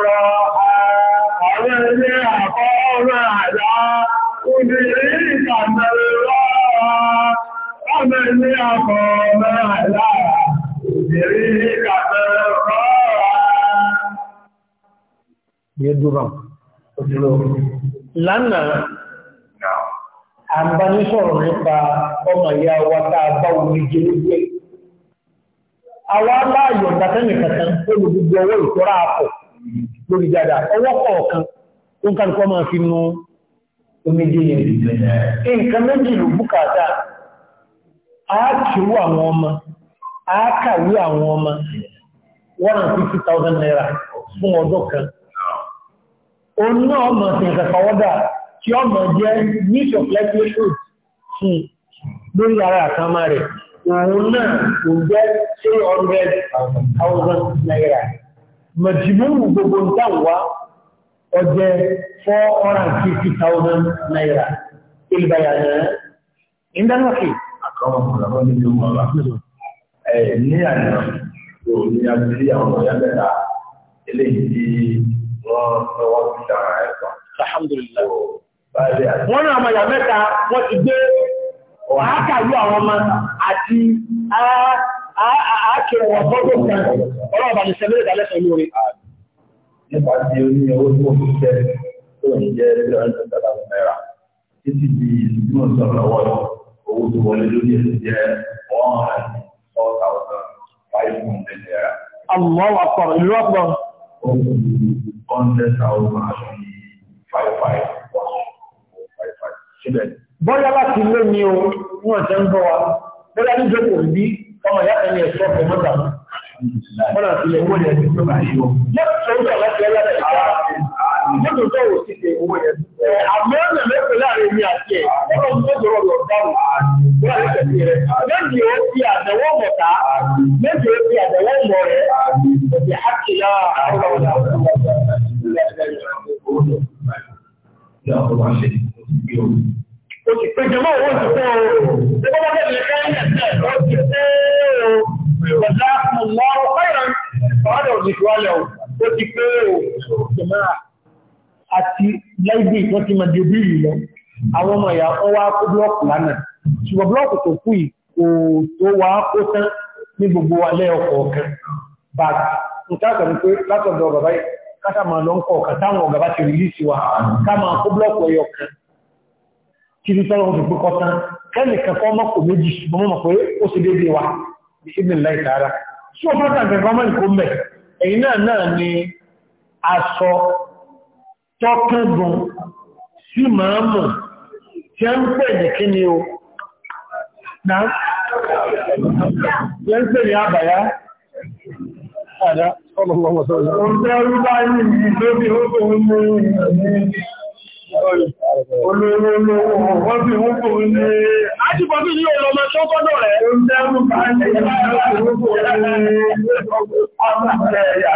program lánàá àbánisọ̀rọ̀ nípa ọmọ ìyá wa tá a bá omi jẹ lójú àwọn aláàyọ̀ ìdásẹ́mì kankan olùgbogbo ọwọ́ ìtọ́ra àpọ̀ lórí dada ọwọ́ kọ̀ọ̀kan tó ń kàrùkọ́ máa fi nú omi jẹ yẹn nǹkan méjì ló bùkátà àákìrú àwọn ọmọ òun náà mọ̀ sí ìkẹ̀kọ̀ wọ́dà tí ó mọ̀ jẹ́ need of likelihood sí hmm. lórí ara àkámá rẹ̀ òun náà kò jẹ́ three hundred thousand naira mọ̀jìmọ́wù gbogbo nǹkan wá ọjẹ́ four hundred and fifty thousand naira ìlbàyà náà ìdánwàkì. àkọ́mọ̀ ọ̀rọ̀ ní ìlú ọ̀rọ̀ ní àná yóò ní abílí àwọn ọ̀yá mẹ́ta eléyìí alhamdulillah wọ́n náà mọ̀yà mẹ́ta wọ́n ti gbé àákàlú àwọn ọmọ àti àákẹwọ̀ ọgbọ́gbọ́ kan ọlọ́ọ̀bà ní sẹ́lẹ̀ ìdálẹ́sẹ̀ lórí nípa tí ó ní owó tó fi jẹ́ tó ń jẹ́ ẹgbẹ̀rún náírà títí di tí mo sọ lọ́wọ́ owó hundred thousand and five five five five síbẹ̀. bọ́lá láti lé ní o wọ́n ṣe ń bọ́ wa bọ́lá ní jókòó bí ọmọ ìyá ẹni ẹ̀ṣọ́ fún mọ́ta bọ́lá sílẹ̀ owó yẹn ti tó báyìí o. yẹ́n tó ń bọ̀ láti ẹlẹ́dẹ̀ẹ́ta yẹ́n tó ń bọ̀ òsì àmọ́ ọ̀nà mẹ́fẹ́ láàrin mi àti ẹ̀ ọ̀rọ̀ mọ́jọ́rọ̀ lọ dáhùn wọ́n rẹ̀ tẹ̀sí rẹ̀ méjì ó fi àtẹ̀wọ́ mọ̀ta méjì ó fi àtẹ̀wọ́ mọ̀ rẹ̀ ẹ̀jẹ̀ àkìlá àwọn ọ̀nà Òṣìṣẹ́jọ máa wọ́n ti fẹ́ ooo. Ṣé bọ́bá bẹ́ẹ̀ lè kẹ́rin ẹ̀sẹ̀ ó ti fẹ́ ooo. Ìgbàdá mọ̀ mọ́ ọ́rọ̀ fẹ́ràn. Ọ̀rọ̀ òṣìṣẹ́ wálẹ̀ o. Ó ti fẹ́ ooo. Ṣé máa àti láìdí wọ́n ti máa di orí lọ àwọn ọmọ ìyá wọ́n wá kó blọ́ọ̀kù lánàá ṣùgbọ́n blọ́ọ̀kù tó kú yìí kò tó wá kó tán ní gbogbo alẹ́ ọkọ̀ ọ̀kan bá nǹkan àgbà ni pé látọ̀dọ̀ bàbá yìí káta máa lọ ń kọ̀ ọ̀kan táwọn ọ̀gá bá ti rìlíìsì wa ká máa kó blọ́ọ̀kù ẹyọ kan kí ni tọ́lọ́ fi kọ́ tán kẹ́lì kankan ọmọ kò méjì ṣùgbọ́n mọ̀ tọ́kẹ́gùn sí màámù tí a ń pè ní kí ni o náà tí a ń pè ní àbàyá àdá ọlọ́lọ́wọ́ sọ́rọ̀ ọ̀rọ̀ bá ní ìlóbi ókòrò Olóòlò wọ́n fi wọ́n kò ní àjíkọ́ bí ní ọlọ́mọ tó kọ́dọ̀ rẹ̀. Ó ń dẹ́rù bá ní ìlú kò ní ọmọ ẹ̀yà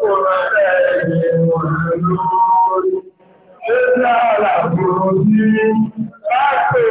Ìjọ́ àlàbò ní láti